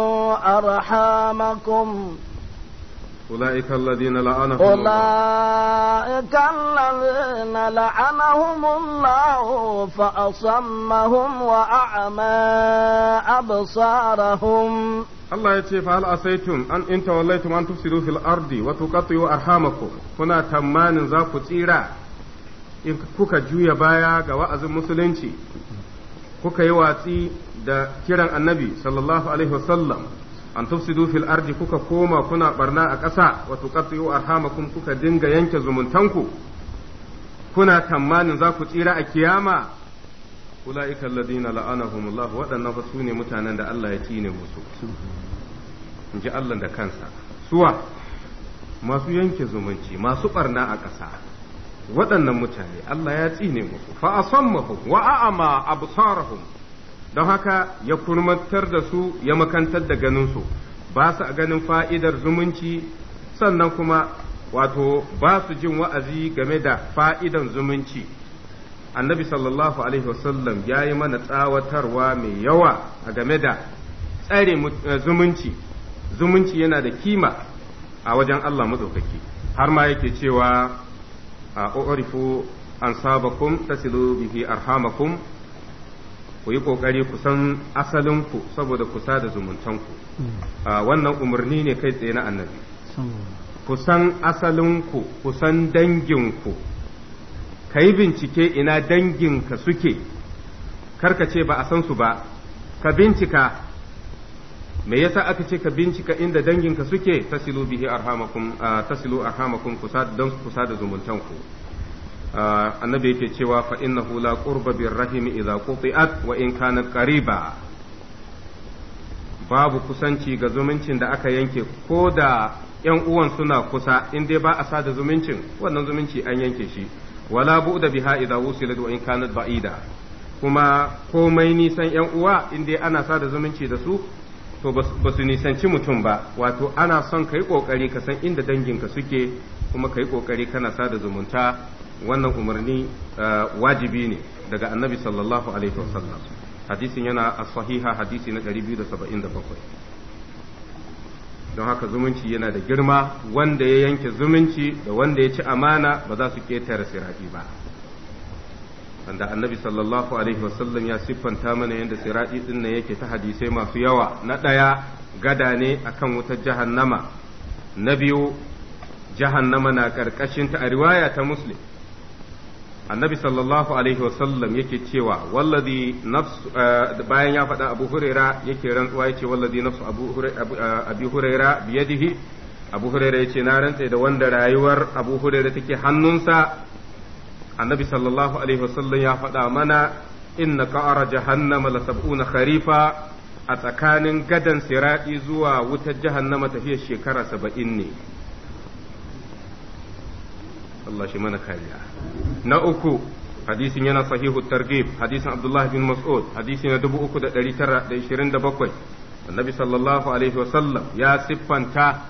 أرحامكم أولئك الذين لعنهم أولئك الذين لعنهم الله فأصمهم وأعمى أبصارهم Allah ya ce fa'al asaitum an in tawallaitum an tufsidu fil ardi wa tuqatti'u arhamaku, kuna tamanin za ku tsira in kuka juya baya ga wa'azin musulunci kuka yi watsi da kiran annabi sallallahu alaihi an tufsidu fil ardi kuka koma kuna barna a ƙasa wa tuqatti'u arhamakum kuka dinga yanke zumuntanku kuna tamanin za ku tsira a kiyama ulaika alladina la'anahumullah waɗannan fa ne mutanen da Allah ya tsine musu in ji Allah da kansa suwa masu yanke zumunci masu barna a ƙasa waɗannan mutane Allah ya tsine musu fa asammahum wa a'ama absarahum don haka ya kurmantar da su ya makantar da ganinsu ba su a ganin fa'idar zumunci sannan kuma wato ba su jin wa'azi game da fa'idan zumunci annabi sallallahu alaihi wasallam ya yi mana tsawatarwa mai yawa a game da tsare eh, zumunci zumunci yana da kima a wajen Allah matsaukaki har ma yake cewa a orifu an kum tasilu bihi arhamakum ku yi kokari ku san asalinku saboda ku sada zumuntanku mm. wannan umarni ne kai tsaye na annabi ku san asalinku ku san danginku ka yi bincike ina danginka suke karka ce ba a san su ba ka bincika me yasa aka ce ka bincika inda danginka suke tasilu bihi arhamakum tasilu arhamakum ku sada ku zumuntanku annabi yake cewa fa innahu la qurba bir rahimi idza quti'at wa in kana qariba babu kusanci ga zumuncin da aka yanke ko da ‘yan uwan suna kusa in dai ba a sada zumuncin wannan zumunci an yanke shi wala bu'da biha idza wusilat wa in kanat ba'ida kuma komai nisan ‘yan uwa in dai ana sada zumunci da su to ba su nisanci mutum ba wato ana son ka yi ƙoƙari ka san inda danginka suke kuma ka yi ƙoƙari kana sada zumunta wannan umarni uh, wajibi ne daga annabi sallallahu alaihi wasallam hadisin yana a sahiha hadisi na 277 don haka zumunci yana da girma wanda ya yanke zumunci da wanda ya ci amana ba za su ketare sirati ba wanda annabi sallallahu alaihi wasallam ya siffanta mana yadda sirati din nan yake ta hadisai masu yawa na ɗaya gada ne akan wutar jahannama na biyu jahannama na ƙarƙashinta a riwaya ta muslim annabi sallallahu alaihi wasallam yake cewa wallazi nafsu eh, bayan ya faɗa abu huraira yake rantsuwa yace wallazi nafsu abu eh, huraira biyadihi abu huraira yace na rantsa da wanda rayuwar abu huraira take hannunsa annabi sallallahu alaihi wasallam ya faɗa mana inna qa'ara jahannama la sab'una kharifa a tsakanin gadan siradi zuwa wutar jahannama tafiyar shekara saba'in ne Allah shi mana kariya na uku hadisin yana sahihu targhib hadisin Abdullah bin Mas'ud hadisi na dubu uku da da da tara ishirin bakwai annabi sallallahu alaihi wasallam ya siffanta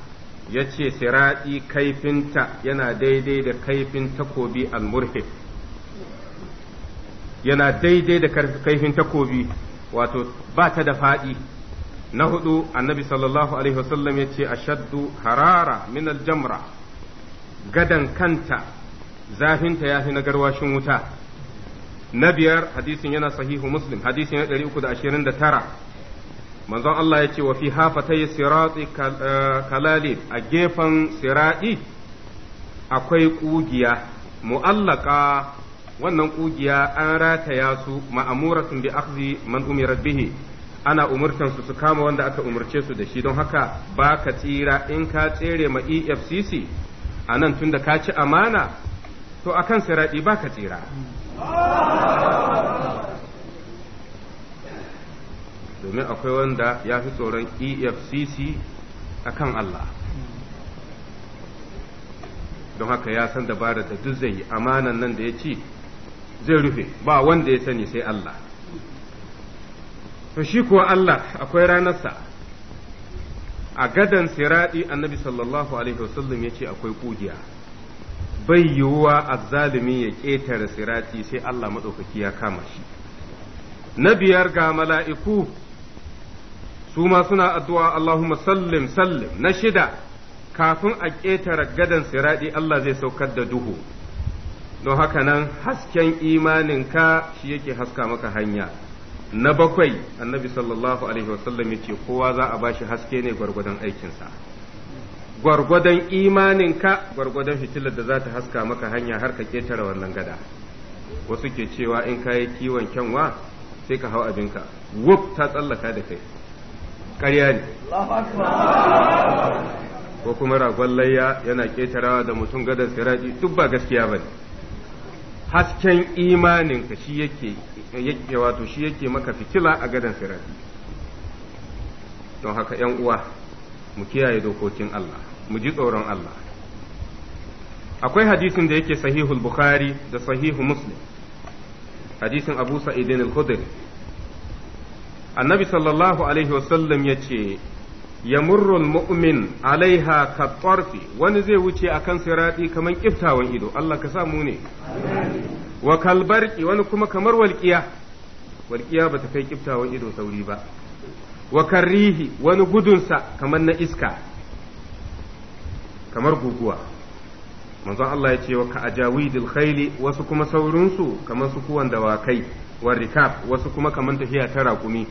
ya ce siradi kaifinta yana daidai da kaifin takobi al-murhib yana daidai da kaifin takobi wato ba ta da faɗi na hudu annabi sallallahu alaihi wasallam ya ce a ashaddu harara min aljamra gadan kanta zafinta ya fi na garwashin wuta na biyar hadisin yana sahihu muslim hadisi na 329 manzon Allah ya ce wa fi hafatai sirati eh, kalali a gefen sirati akwai ƙugiya. mu'allaka wannan ƙugiya an rataya su ma'amuratun bi akhzi man umira bihi ana umurtan su kama wanda aka umarce su da shi don haka ba ka tsira in ka tsere ma EFCC a nan tun da ka ci amana to a kan siraɗi ba ka tsira domin akwai wanda ya fi tsoron efcc a kan allah don haka ya san dabara da duk zai yi amanan nan da ya ci zai rufe ba wanda ya sani sai allah to shi kuwa allah akwai ranarsa a gadan siradi annabi sallallahu alaihi wasallam ya ce akwai kugiya bai yiwuwa azzalumi ya ƙetare sirati sai Allah maɗaukaki ya kama shi na biyar ga mala'iku su ma suna addu'a Allahumma sallim sallim na shida kafin a ƙetare gadan siradi Allah zai saukar da duhu don haka nan hasken imaninka shi yake haska maka hanya na bakwai annabi sallallahu alaihi wasallam ya ce kowa za a bashi haske ne gwargwadon aikinsa gwargwadon imaninka gwargwadon fitilar da za ta haska maka hanya har ka ketare wannan gada wasu ke cewa in ka yi kiwon kyanwa sai ka hau abinka wuf ta tsallaka da kai ƙarya ne ko kuma ragon layya yana ketarawa da mutum gadon siraji duk ba gaskiya ba ne hasken imaninka shi yake yake wato shi yake maka fitila a gadon sirati don haka ‘yan uwa mu kiyaye dokokin Allah mu ji tsoron Allah akwai hadisin da yake sahihul bukhari da sahihu muslim hadisin abu sa'idin al-khudri annabi sallallahu alaihi wasallam ya yamurru mu'min alaiha katsarfi wani zai wuce akan siradi kamar kiftawan ido Allah ka sa mu ne wa kalbarki wani kuma kamar walƙiya walƙiya ba ta kai kiftawan ido sauri ba wa karrihi wani gudunsa kamar na iska kamar guguwa manzon Allah ya ce wa ka ajawidil khayli wasu kuma saurinsu kamar su kuwan dawakai wa rikab wasu kuma kamar tafiya ta raƙumi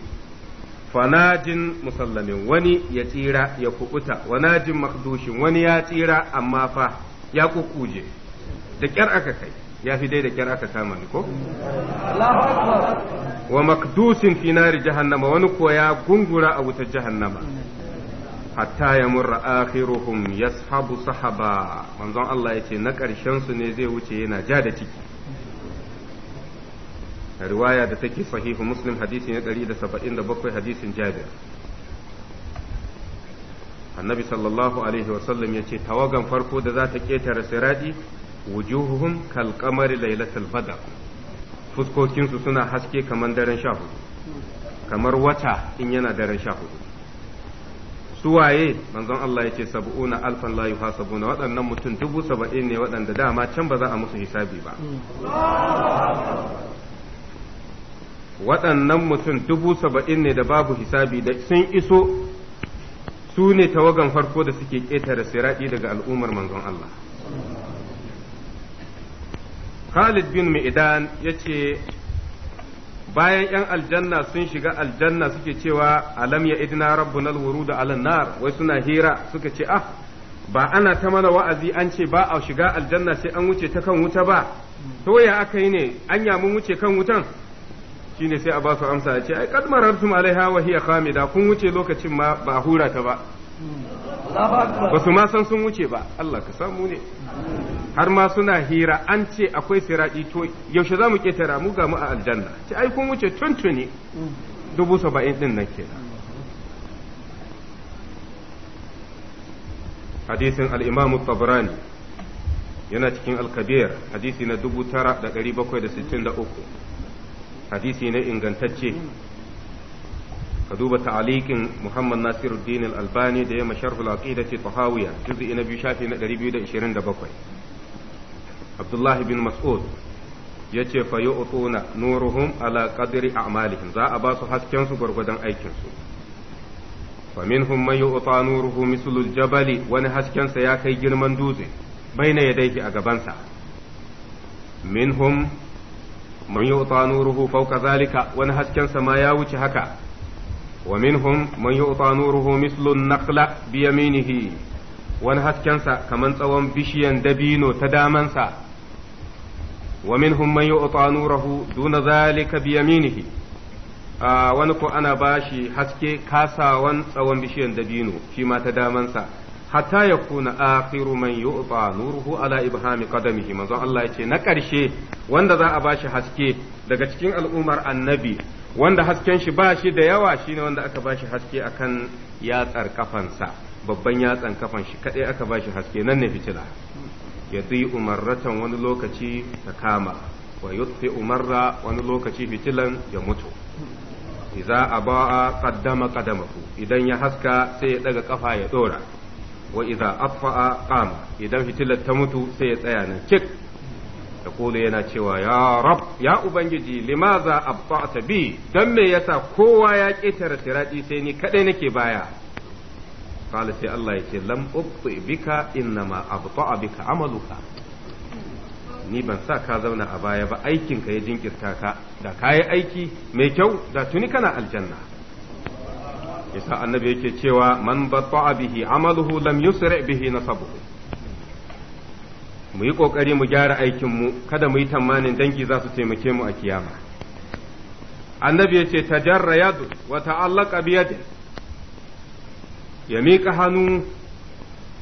fanajin musallamin wani ya tsira ya kubuta wanajin makdushin wani ya tsira amma fa ya kukuje da kyar aka kai ya fi dai da kyar aka kama ni ko wa makdusin finari jahannama wani ko ya gungura a wutar jahannama hatta ya murra akhiruhum yashabu sahaba manzon Allah yace na karshen su ne zai wuce yana ja da ciki riwaya da take sahihu muslim hadisi na 177 hadisin jabir annabi sallallahu alaihi wasallam ya ce tawagan farko da za ta ƙetare siradi wujuhuhum kal kamari lailatul badr fuskokinsu suna haske kamar daren sha hudu kamar wata in yana daren sha hudu suwaye manzon Allah ya ce sab'una alfan la yuhasabuna waɗannan mutum dubu saba'in ne waɗanda dama can ba za a musu hisabi ba waɗannan mutum dubu saba'in ne da babu hisabi da sun iso su ne tawagan farko da suke ƙetare siraɗi daga al'ummar manzon Allah. Khalid bin Mi'idan ya ce, bayan ‘yan aljanna sun shiga aljanna suke cewa alam ya idina rabbun alwuru da alannar wai suna hira suka ce, ah, ba ana ta mana wa'azi an ce ba a shiga aljanna sai an wuce ta kan wuta ba, to ya aka yi ne, an mun wuce kan wutan. shine sai a ba su amsa a ce ai kad marartum alaiha wa hiya khamida kun wuce lokacin ma ba hura ta ba ba su ma san sun wuce ba Allah ka samu ne har ma suna hira an ce akwai siradi to yaushe za mu ketara mu ga mu a aljanna ce ai kun wuce tuntuni dubu saba'in din nan kenan hadisin al-imam tabrani yana cikin al-kabir hadisi na 9763 hadisi ne ingantacce ka duba ta'aliqin Muhammad Nasiruddin Al-Albani da ya masharh al-aqidati tahawiyya juz'i na biyu shafi na 227 Abdullah bin Mas'ud yace fa yu'tuna nuruhum ala qadri a'malihim za a ba su hasken su gurgudan aikin su fa minhum man yu'ta nuruhu mislu al-jabali wani hasken sa ya kai girman dutse ya yadayhi a gaban sa minhum man yu'ta nuruhu fawqa zalika wani hasken sa ma ya wuce haka wa minhum man yu'ta nuruhu mislu an-naqla bi yaminihi wani hasken sa kaman tsawon bishiyan dabino ta daman sa wa minhum man yu'ta nuruhu duna zalika bi yaminihi wani ko ana bashi haske kasawan tsawon bishiyan dabino shi ma ta daman sa hatta ya kuna akhiru man yu'ta nuruhu ala ibhami qadamihi manzon Allah yace na karshe wanda za a bashi haske daga cikin al'ummar annabi wanda hasken shi ba shi da yawa shine wanda aka bashi haske akan yatsar kafansa babban yatsan kafan shi kadai aka bashi haske nan ne fitila ya tsi umarratan wani lokaci ta kama wa yutfi umarra wani lokaci fitilan ya mutu idza abaa qaddama qadamahu idan ya haska sai ya daga kafa ya dora wa idza atfa'a qama idan fitilar ta mutu sai ya tsaya nan cik da kulu yana cewa ya rab ya ubangiji limaza ta bi dan me yasa kowa ya ketare siradi sai ni kadai nake baya kala sai Allah yace lam ubti bika innama abta'a bika amaluka ni ban sa ka zauna a baya ba aikin ka ya jinkirta ka da kayi aiki mai kyau da tuni kana aljanna yasa annabi yake cewa man batta bihi amaluhu lam yusri bihi nasabuhu mu yi kokari mu gyara aikin mu kada mu yi tamanin dangi za su taimake mu a kiyama annabi yace tajarra yadu wa ta'allaqa bi yadi ya miƙa hannu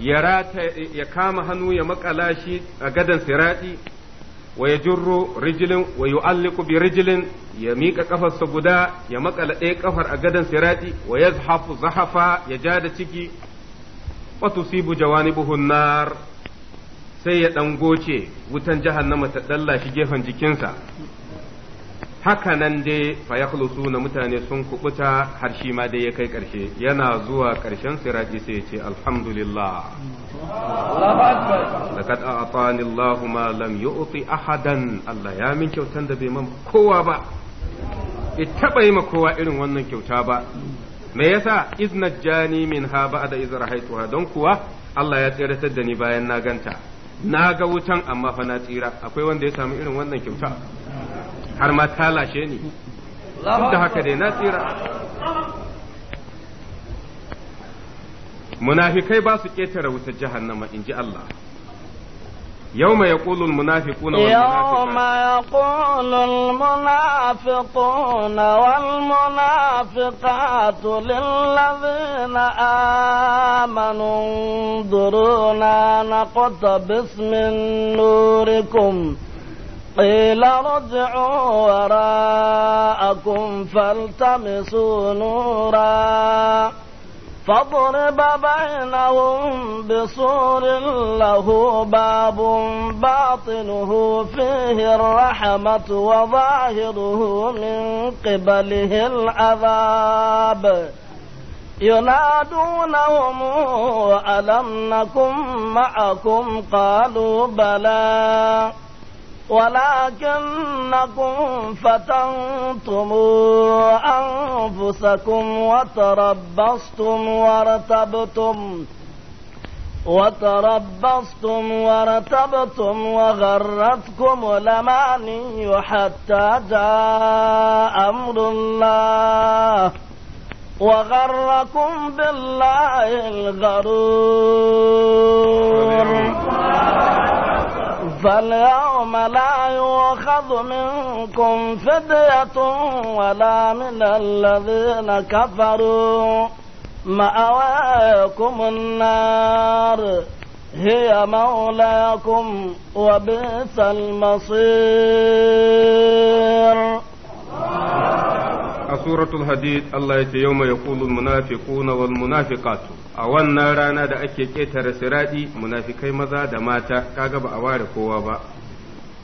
ya rata ya kama hannu ya makala shi a gadan siradi wa ya jirru rijilin wa yu'alliqu bi rijilin ya miƙa ƙafarsa guda ya makala ƙafar kafar a gadon sirati wa yazhafu zahafa ya ja da ciki wa tusibu jawanibuhun nar sai ya ɗan goce wutan jahannama ta ɗalla shi gefen jikinsa haka nan dai fa ya na mutane sun kubuta har shi ma dai ya kai ƙarshe yana zuwa ƙarshen siraji sai ce alhamdulillah laqad a'tani Allahu ma lam yu'ti ahadan Allah ya min kyautan da bai man kowa ba bai taba yi ma kowa irin wannan kyauta ba me yasa izna jani min ha da iz rahaituha don kuwa Allah ya tsiratar da ni bayan na ganta na ga wutan amma fa na tsira akwai wanda ya samu irin wannan kyauta har ma ta lashe ni duk da haka dai na tsira munafikai ba su ƙetare wutar jahannama in ji Allah يوم يقول المنافقون يوم يقول المنافقون والمنافقات للذين آمنوا انظرونا نقتبس من نوركم قيل رجعوا وراءكم فالتمسوا نورا فاضرب بينهم بسور له باب باطنه فيه الرحمة وظاهره من قبله العذاب ينادونهم ألم نكن معكم قالوا بلى ولكنكم فتنتم أنفسكم وتربصتم وارتبتم وتربصتم ورتبتم وغرتكم الأماني حتى جاء أمر الله وغركم بالله الغرور فاليوم لا يؤخذ منكم فدية ولا من الذين كفروا مأواكم النار هي مولاكم وبئس المصير a suratul hadid Allah ya ce yau mai yaqulul munafiquna wal munafiqatu a wannan rana da ake ƙetare siradi munafikai maza da mata kaga ba a ware kowa ba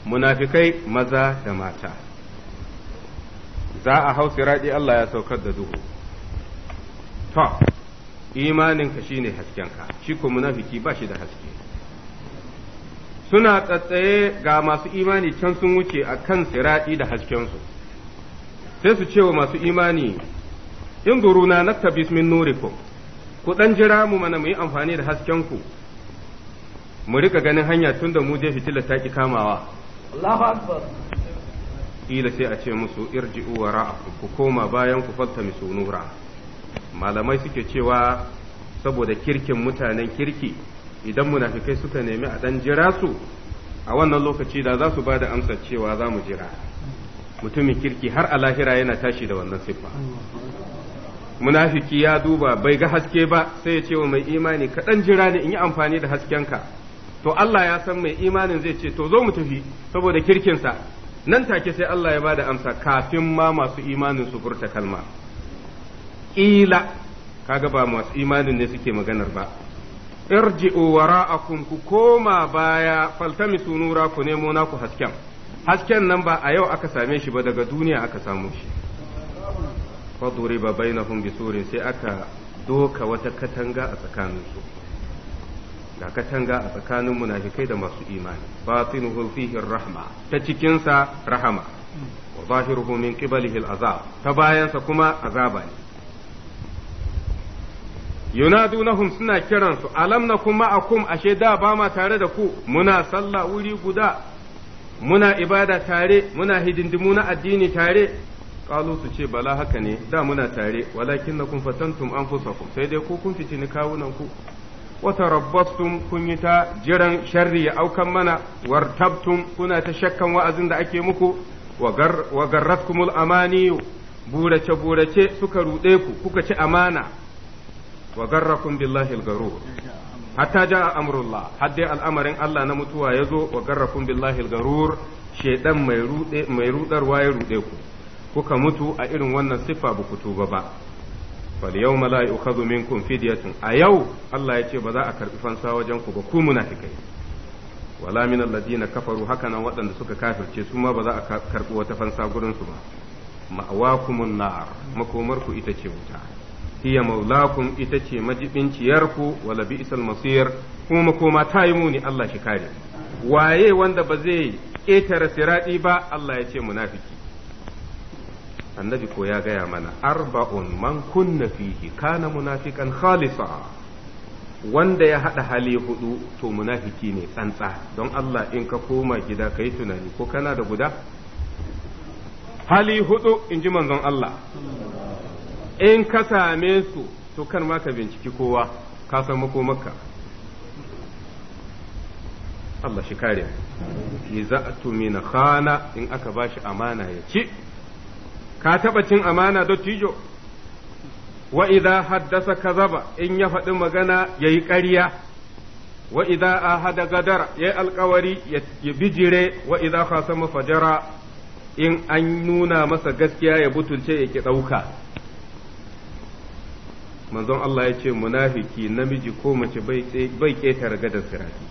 munafikai maza da mata za a hau siradi Allah ya saukar da duhu to imaninka shine haskenka shi ko munafiki ba shi da haske suna tsattsaye ga masu imani can sun wuce a kan siradi da haskensu sai su ce wa masu imani in duruna tabis min nurikum ku dan jira mu mana mu yi amfani da hasken ku mu rika ganin hanya tun da mu je fitila ta ki kamawa Allahu akbar ila sai a ce musu irji'u wara'akum ku koma bayan ku fatta misu nura malamai suke cewa saboda kirkin mutanen kirki idan munafikai suka nemi a dan jira su a wannan lokaci da za su ba da amsar cewa za mu jira mutumin kirki har a lahira yana tashi da wannan siffa munafiki ya duba bai ga haske ba sai ya ce wa mai imani kaɗan jira ne in yi amfani da haskenka to Allah ya san mai imanin zai ce to zo mu tafi saboda kirkinsa nan take sai Allah ya bada amsa kafin ma masu imanin su furta kalma ƙila kaga ba masu imanin ne suke maganar ba irji'u wara'akum ku koma baya faltamisu nura ku nemo naku hasken hasken nan ba a yau aka same shi ba daga duniya aka samu shi faduriba bainahum bisurin sai aka doka wata katanga a tsakaninsu ga katanga a tsakanin munafikai da masu imani batinuhu fihi rahma ta cikinsa rahama wa zahiruhu min qiblihi azab ta bayansa kuma azaba ne yunadunahum suna kiransu alam nakum ma'akum ashe da ba ma tare da ku muna sallah wuri guda muna ibada tare muna hidindimu na addini tare kalu su ce bala haka ne da muna tare walakin na kun fatantum an fusakum sai dai ku kun fitini kawunan ku wata rabbastum kun yi ta jiran sharri ya aukan mana wartabtum kuna ta shakkan wa'azin da ake muku wa garratkumul amani burace burace suka ruɗe ku kuka ci amana wa garrakum billahi al hatta ja amrullah har dai al'amarin Allah na mutuwa ya zo wa garrafun billahi garur shedan mai rude rudarwa ya rude ku kuka mutu a irin wannan siffa ba ku tuba ba fal yawma la yu'khadhu minkum a yau Allah ya ce ba za a karbi fansa wajen ku ba ku munafikai wala min alladhina kafaru haka nan waɗanda suka kafirce su ma ba za a karbi wata fansa gurin su ba ma'awakumun nar makomar ku ita ce wuta hiya maulakum ita ce majibinciyarku wala bi masir kuma makoma ta yi muni Allah shi kare waye wanda ba zai ƙetare siradi ba Allah ya ce munafiki annabi ko ya gaya mana arba'un man kunna fihi kana munafikan khalisa wanda ya haɗa hali hudu to munafiki ne tsantsa don Allah in ka koma gida ka yi tunani ko kana da guda hali hudu in ji manzon Allah in ka same su to kan ma ka binciki kowa ka san makomarka Allah shi kare yi za'atu min khana in aka bashi amana ya ci ka taba cin amana da tijo wa idza haddasa kazaba in ya faɗi magana yayi ƙarya wa idza ahada gadara yayi alƙawari ya bijire wa idza khasama fajara in an nuna masa gaskiya ya butulce ya ki ɗauka manzon Allah ya ce munafiki namiji ko mace bai ƙetare gadar sirati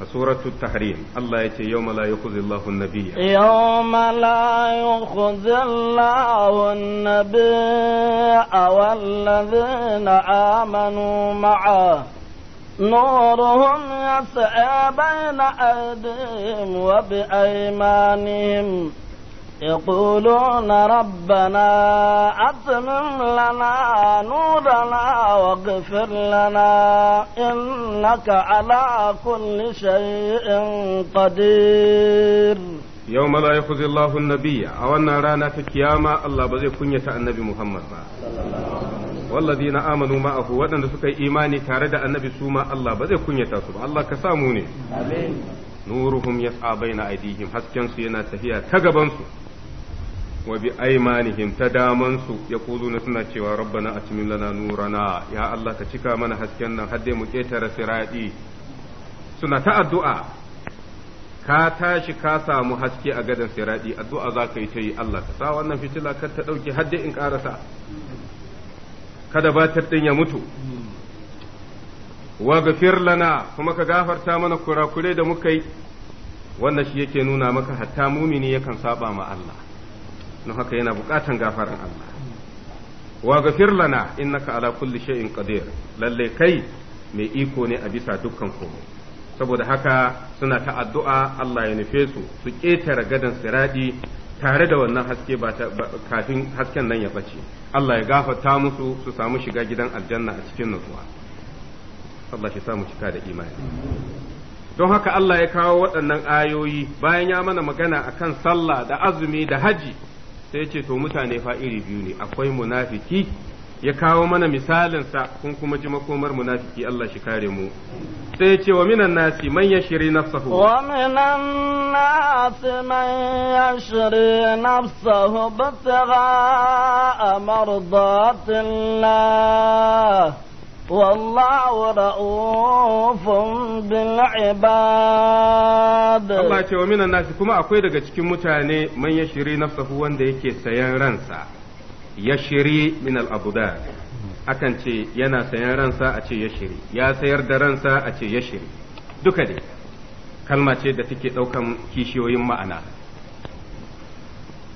a suratu tahrim Allah ya ce yau la yukhzi Allahu an-nabiyya yawma la yukhzi Allahu an-nabiyya wal ladhina amanu ma'a نورهم يسعى بين أيديهم وبأيمانهم يقولون ربنا أتمم لنا نورنا واغفر لنا إنك على كل شيء قدير يوم لا يخزي الله النبي أو أن رانا في القيامة الله بزي كنية النبي محمد والذين آمنوا معه وأن سكي إيماني تارد النبي سوما الله بزي كنية سوما الله كساموني آمين nuruhum yas'a baina aydihim hasken su yana tafiya ta gaban su wa bi aymanihim ta daman su yaquluna suna cewa rabbana na lana nurana ya Allah ka cika mana hasken nan hadde mu ketare siradi suna ta addu'a ka tashi ka samu haske a gadan siradi, addu'a za ka yi ta yi Allah ka sa wannan fitila kar ta dauke hadde in karasa kada batar din ya mutu wa gafir lana kuma ka gafarta mana kurakure da muka yi wannan shi yake nuna maka hatta mumini yakan saba ma Allah don haka yana bukatan gafaran Allah wa gafir lana innaka ala kulli shay'in qadir lalle kai mai iko ne a bisa dukkan komai saboda haka suna ta addu'a Allah ya nufe su su ƙetare gadon siradi tare da wannan haske ba kafin hasken nan ya bace Allah ya gafarta musu su samu shiga gidan aljanna a cikin nutsuwa Allah shi samu cika da imani don haka Allah ya kawo waɗannan ayoyi bayan ya mana magana akan sallah da azumi da haji sai ce to mutane fa iri biyu ne akwai munafiki ya kawo mana misalin sa kun kuma ji makomar munafiki Allah shi kare mu sai ce wa minan nasi man yashri nafsahu wa minan nasi man yashri nafsahu bi tira والله رؤوف بالعباد Allah ce wa minan nasi kuma akwai daga cikin mutane man yashiri nafsahu wanda yake sayan ransa yashiri min al-abdar akan ce yana sayan ransa a ce yashiri ya sayar da ransa a ce yashiri duka dai kalma ce da take daukan kishiyoyin ma'ana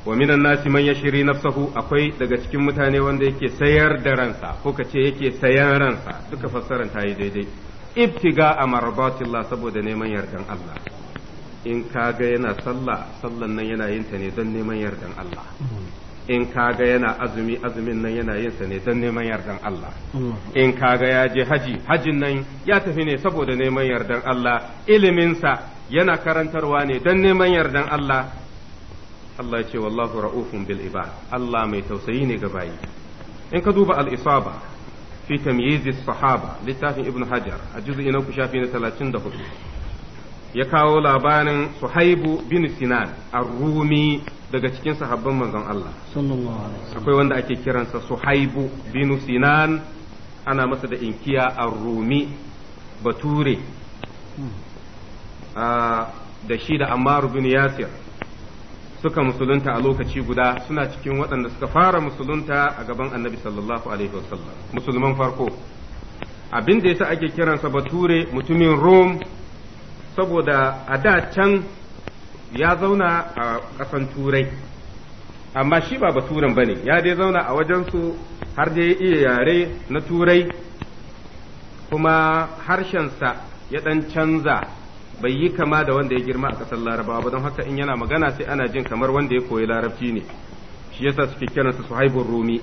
wa minan nasi man yashiri nafsahu akwai daga cikin mutane wanda yake sayar da ransa ko kace yake sayan ransa duka fassaran ta yi daidai ibtiga a marbatillah saboda neman yardan Allah in kaga yana sallah sallan nan yana yin ta ne don neman yardan Allah in kaga yana azumi azumin nan yana yin sa ne don neman yardan Allah in kaga ya je haji hajin nan ya tafi ne saboda neman yardan Allah iliminsa yana karantarwa ne don neman yardan Allah Allah ya ce wallahu ra'ufun bil ibad Allah mai tausayi ne ga bayi in ka duba al isaba fi tamyiz sahaba littafin ibn hajar a juz'i na shafi na 34 ya kawo labarin suhaibu bin sinan ar-rumi daga cikin sahabban manzon Allah akwai wanda ake kiransa suhaibu bin sinan ana masa da inkiya ar-rumi bature hmm. ah, da shi da ammar bin yasir suka musulunta a lokaci guda suna cikin waɗanda suka fara musulunta a gaban annabi sallallahu alaihi wasallam musulman farko abin da yasa ake kiransa bature mutumin rome saboda a da can ya zauna a ƙasan turai amma shi ba baturen bane ya dai zauna a wajen su har dai iya yare na turai kuma harshen sa ya ɗan canza bai yi kama da wanda ya girma a ƙasar larabawa ba don haka in yana magana sai ana jin kamar wanda ya koyi larabci ne shi yasa suke su suhaibun rumi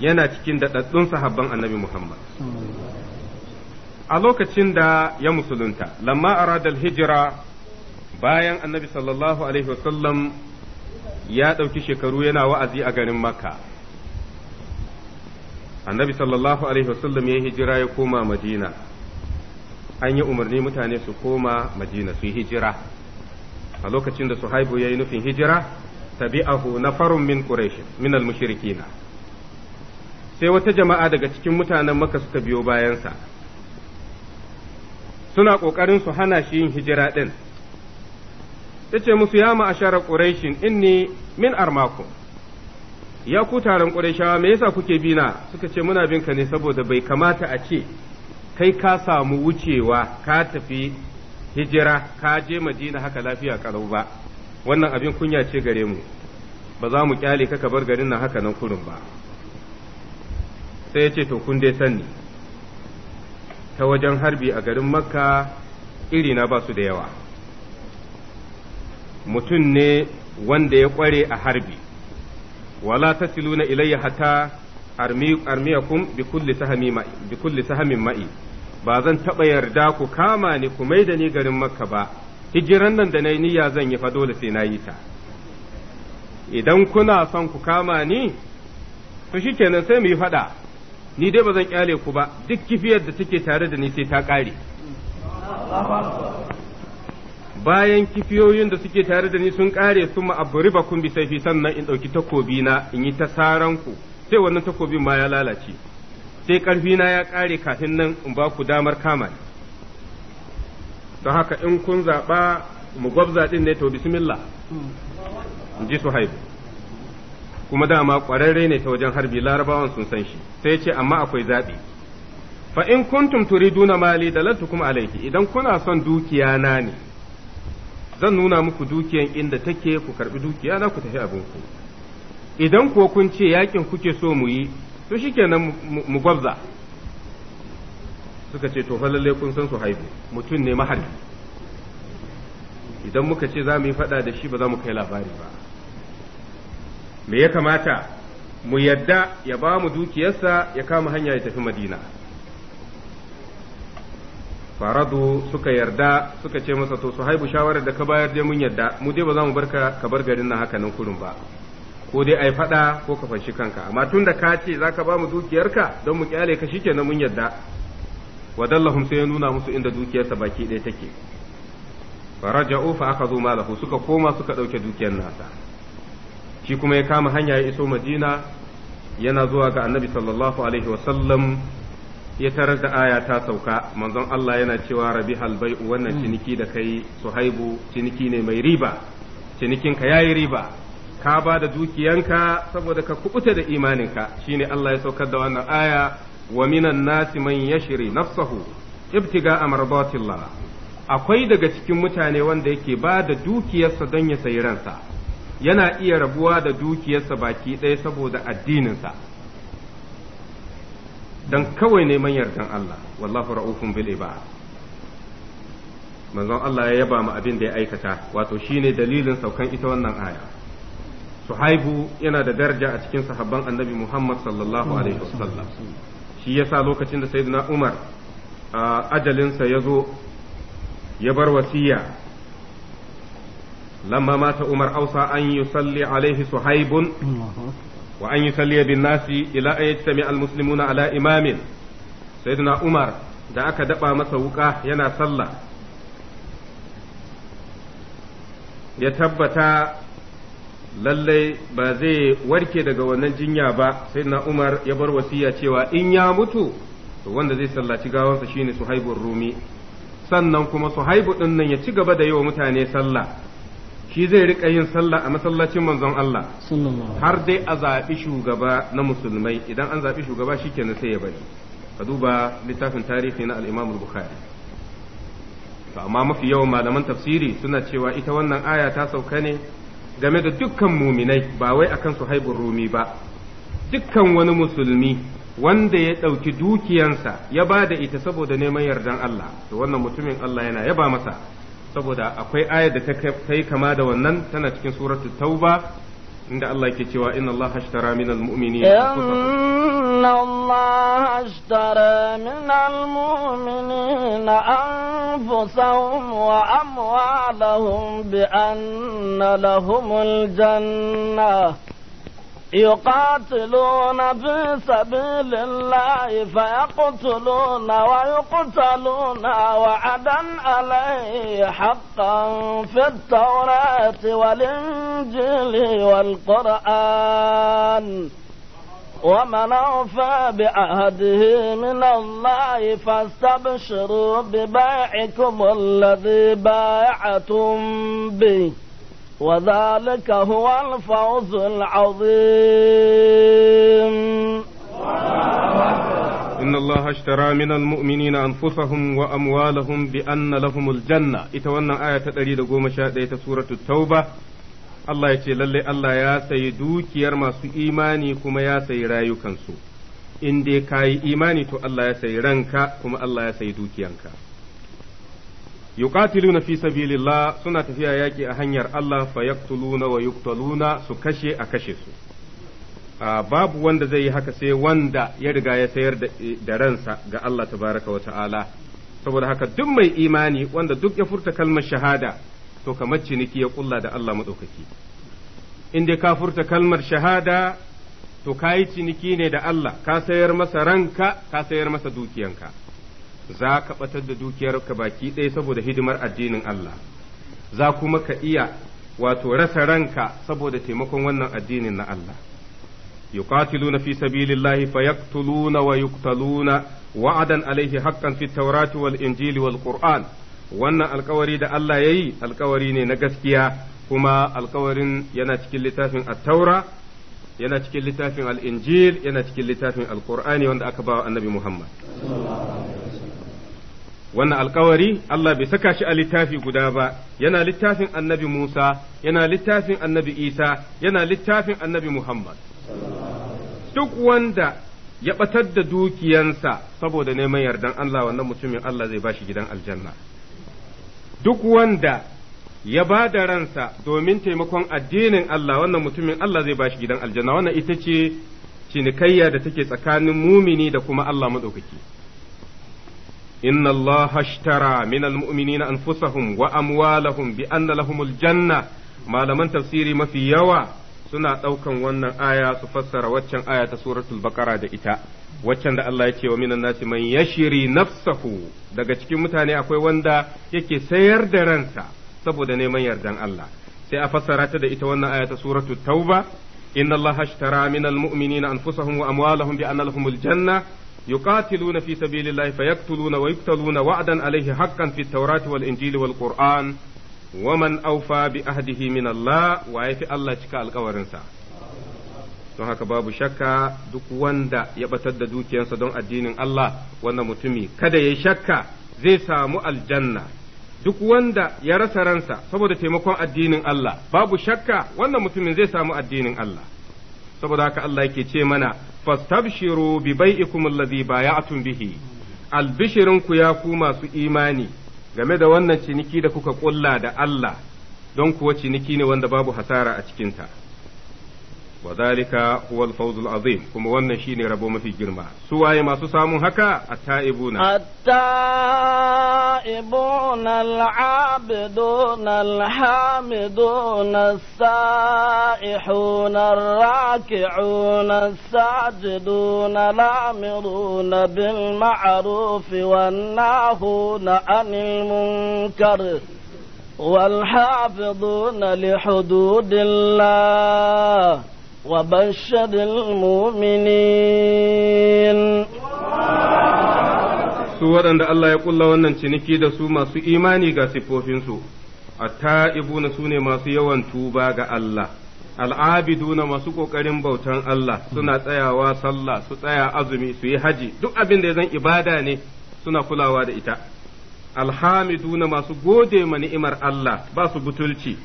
yana cikin daɗaɗɗun sahabban annabi muhammad a lokacin da ya musulunta lamma aradal hijira bayan annabi sallallahu alaihi wasallam ya ɗauki shekaru yana wa'azi a garin makka annabi sallallahu alaihi wasallam ya hijira ya koma madina an yi umarni mutane su koma madina su hijira a lokacin da suhaibu ya yi nufin hijira tabi'ahu farun min ƙureshi min al na. sai wata jama'a daga cikin mutanen maka suka biyo bayansa suna ƙoƙarin su hana shi yin hijira ɗin ta ce musu ya ma'ashara ƙureshin inni min armaku ya ku taron ƙureshawa me yasa kuke bina suka ce muna bin ka ne saboda bai kamata a ce kai ka samu wucewa ka tafi hijira ka je madina haka lafiya karau ba wannan abin kunya ce gare mu ba za mu kyale ka ka bar garin nan haka nan kurin ba sai ya ce to kun dai sani ta wajen harbi a garin makka irina ba su da yawa mutum ne wanda ya kware a harbi wala ta siluna ilayya hatta armiyakum bi kulli sahamin ma'i ba zan taɓa yarda ku kama ni ku mai da ni garin makka ba hijiran nan da na yi niyya zan yi fa dole sai na yi ta idan kuna son ku kama ni to shikenan sai mu yi faɗa ni dai ba zan kyale ku ba duk kifiyar da take tare da ni sai ta ƙare bayan kifiyoyin da suke tare da ni sun ƙare sun ma'abbari ba kun bi sai fi sannan in ɗauki takobi na in yi ta saran ku sai wannan takobin ma ya lalace sai na ya ƙare kafin nan in ba ku damar kama ni don haka in kun zaɓa mu gwabza ɗin ne to bismillah in ji su haibu kuma dama ƙwararre ne ta wajen harbi larabawan sun san shi sai ce amma akwai zaɓi fa in kuntum duna mali da kuma alaiki idan kuna son dukiya na ne zan nuna muku dukiyan inda take ku karbi dukiya na ku tafi abinku idan kuwa kun ce yakin kuke so mu yi to shikenan mu gwabza suka ce to fa kun san su haihu mutum ne mahari idan muka ce za mu yi faɗa da shi ba za mu kai labari ba me ya kamata mu yadda ya ba mu dukiyarsa ya kama hanya ya tafi madina faradu suka yarda suka ce masa to su haibu shawarar da ka bayar dai mun yadda mu dai ba za mu barka ka bar garin nan haka nan kurun ba ko dai ai faɗa ko ka fanshi kanka amma tun da ka ce za ka ba mu dukiyarka don mu kyale ka shi kenan mun yadda wadallahum sai ya nuna musu inda dukiyarsa baki ɗaya take faraja'u fa aka zo malahu suka koma suka ɗauke dukiyar nasa shi kuma ya kama hanya ya iso madina yana zuwa ga annabi sallallahu alaihi wasallam ya tarar da aya ta sauka manzon Allah yana cewa rabi halbai wannan hmm. ciniki da kai suhaibu ciniki ne mai riba cinikinka yayi riba ka ba da dukiyanka saboda ka kubuta da imaninka shine Allah ya saukar da wannan aya wa minan nasi man yashri nafsahu ibtiga amardatillah akwai daga cikin mutane wanda yake ba da dukiyarsa don ya sayi ransa yana iya rabuwa da dukiyarsa baki ɗaya saboda addininsa don kawai neman yardan Allah wallahu ra'ufun bil ibad manzon Allah ya yaba mu abin da ya aikata wato shine dalilin saukan ita wannan aya suhaibu yana da daraja a cikin sahabban annabi muhammad sallallahu alaihi wasallam shi yasa lokacin da sayyidina umar ajalinsa ya zo ya bar wasiya lamma mata umar ausa an salli alaihi suhaibun wa an salli bin nasi ila a yi al ala imamin sayyidina umar da aka daba masa wuka yana sallah ya tabbata lallai ba zai warke daga wannan jinya ba sai na umar ya bar wasiya cewa in ya mutu to wanda zai sallaci gawansa shine suhaibun rumi sannan kuma suhaibu din nan ya ci gaba da yi mutane sallah shi zai rika yin sallah a masallacin manzon Allah har dai a zaɓi shugaba na musulmai idan an zaɓi shugaba shikenan sai ya bari ka duba littafin tarihi na al-Imam al-Bukhari to amma mafi yawan malaman tafsiri suna cewa ita wannan aya ta sauka ne game da dukkan muminai ba wai akan su haibun rumi ba dukkan wani musulmi wanda ya ɗauki dukiyansa ya ba da ita saboda neman yardan Allah to wannan mutumin Allah yana yaba masa saboda akwai ayar da ta yi kama da wannan tana cikin suratul tauba in inda Allah ke cewa inna Allah ashtara min almu'minina inna Allah ashtara min almu'minina anfusahum wa amwalahum bi anna lahumul jannah يقاتلون في سبيل الله فيقتلون ويقتلون وعدا عليه حقا في التوراة والإنجيل والقرآن ومن أوفى بعهده من الله فاستبشروا ببيعكم الذي بايعتم به وذلك هو الفوز العظيم إن الله اشترى من المؤمنين أنفسهم وأموالهم بأن لهم الجنة إتوانا آية sha قوم ta سورة التوبة Allah ya ce lalle Allah ya sayi dukiyar masu imani kuma ya sayi rayukansu in dai ka yi imani to Allah ya sayi ranka kuma Allah ya sayi dukiyarka. yuqatiluna fi sabilillah suna tafiya yaki a hanyar Allah fa yaqtuluna wa yuqtaluna su kashe a kashe su babu wanda zai yi haka sai wanda ya riga ya sayar da ransa ga Allah tabaraka wa ta'ala saboda haka duk mai imani wanda duk ya furta kalmar shahada to kamar ciniki ya kulla da Allah madaukaki in dai ka furta kalmar shahada to kayi ciniki ne da Allah ka sayar masa ranka ka sayar masa dukiyanka za ka batar da dukiyarka baki ɗaya saboda hidimar addinin Allah za kuma ka iya wato rasa ranka saboda taimakon wannan addinin na Allah yuqatiluna fi sabilillahi fayaqtuluna wa yuqtaluna wa'adan alaihi haqqan fi tawrati wal injili wal qur'an wannan alkawari da Allah yayi alkawari ne na gaskiya kuma alkawarin yana cikin littafin at-taura yana cikin littafin al-injil yana cikin littafin al-qur'ani wanda aka ba wa annabi Muhammad wannan alkawari Allah bai saka shi a littafi guda ba yana littafin annabi Musa yana littafin annabi Isa yana littafin annabi Muhammad duk wanda ya batar da dukiyansa saboda neman yardan Allah wannan mutumin Allah zai bashi gidan aljanna duk wanda ya ba da ransa domin taimakon addinin Allah wannan mutumin Allah zai bashi gidan aljanna wannan ita ce cinikayya da take tsakanin mumini da kuma Allah maɗaukaki. إن الله اشترى من المؤمنين أنفسهم وأموالهم بأن لهم الجنة ما لمن تفسيري ما في يوى suna ɗaukan wannan aya su fassara waccan aya ta suratul baqara da ita waccan da Allah ya ce wa minan nasi man yashiri nafsahu daga cikin mutane akwai wanda yake sayar da ransa saboda neman yardan Allah sai a fassara ta da ita wannan aya ta suratul tauba inna Allah ashtara minal mu'minina anfusahum wa amwalahum bi lahumul janna yuqatiluna fi sabilillahi fayaktuluna wa yuqtaluna wa'adan alayhi haqqan fi taurati wal injili wal qur'an wa man awfa bi ahdihi min Allah wa yafi Allah cika alkawarinsa don haka babu shakka duk wanda ya batar da dukiyarsa don addinin Allah wannan mutumi kada ya shakka zai samu aljanna duk wanda ya rasa ransa saboda taimakon addinin Allah babu shakka wannan mutumin zai samu addinin Allah saboda haka Allah yake ce mana fastabshiru bi bai'ikum allazi bay'atum bihi albishirin ku ya ku masu imani game da wannan ciniki da kuka kulla da Allah don kuwa ciniki ne wanda babu hasara a cikinta وذلك هو الفوز العظيم كما وانا شيني ربو ما في جرما سواء ما سسامو هكا التائبون التائبون العابدون الحامدون السائحون الراكعون الساجدون الامرون بالمعروف والناهون عن المنكر والحافظون لحدود الله وبشر المؤمنين su waɗanda Allah ya ƙulla wannan ciniki da su masu imani ga siffofinsu, atta'ibuna su ne masu yawan tuba ga Allah, al'abiduna masu ƙoƙarin bautan Allah suna tsayawa sallah su tsaya azumi su yi haji duk abin da ya zan ibada ne suna kulawa da ita, alhamiduna masu gode ma ni'imar Allah ba su butulci.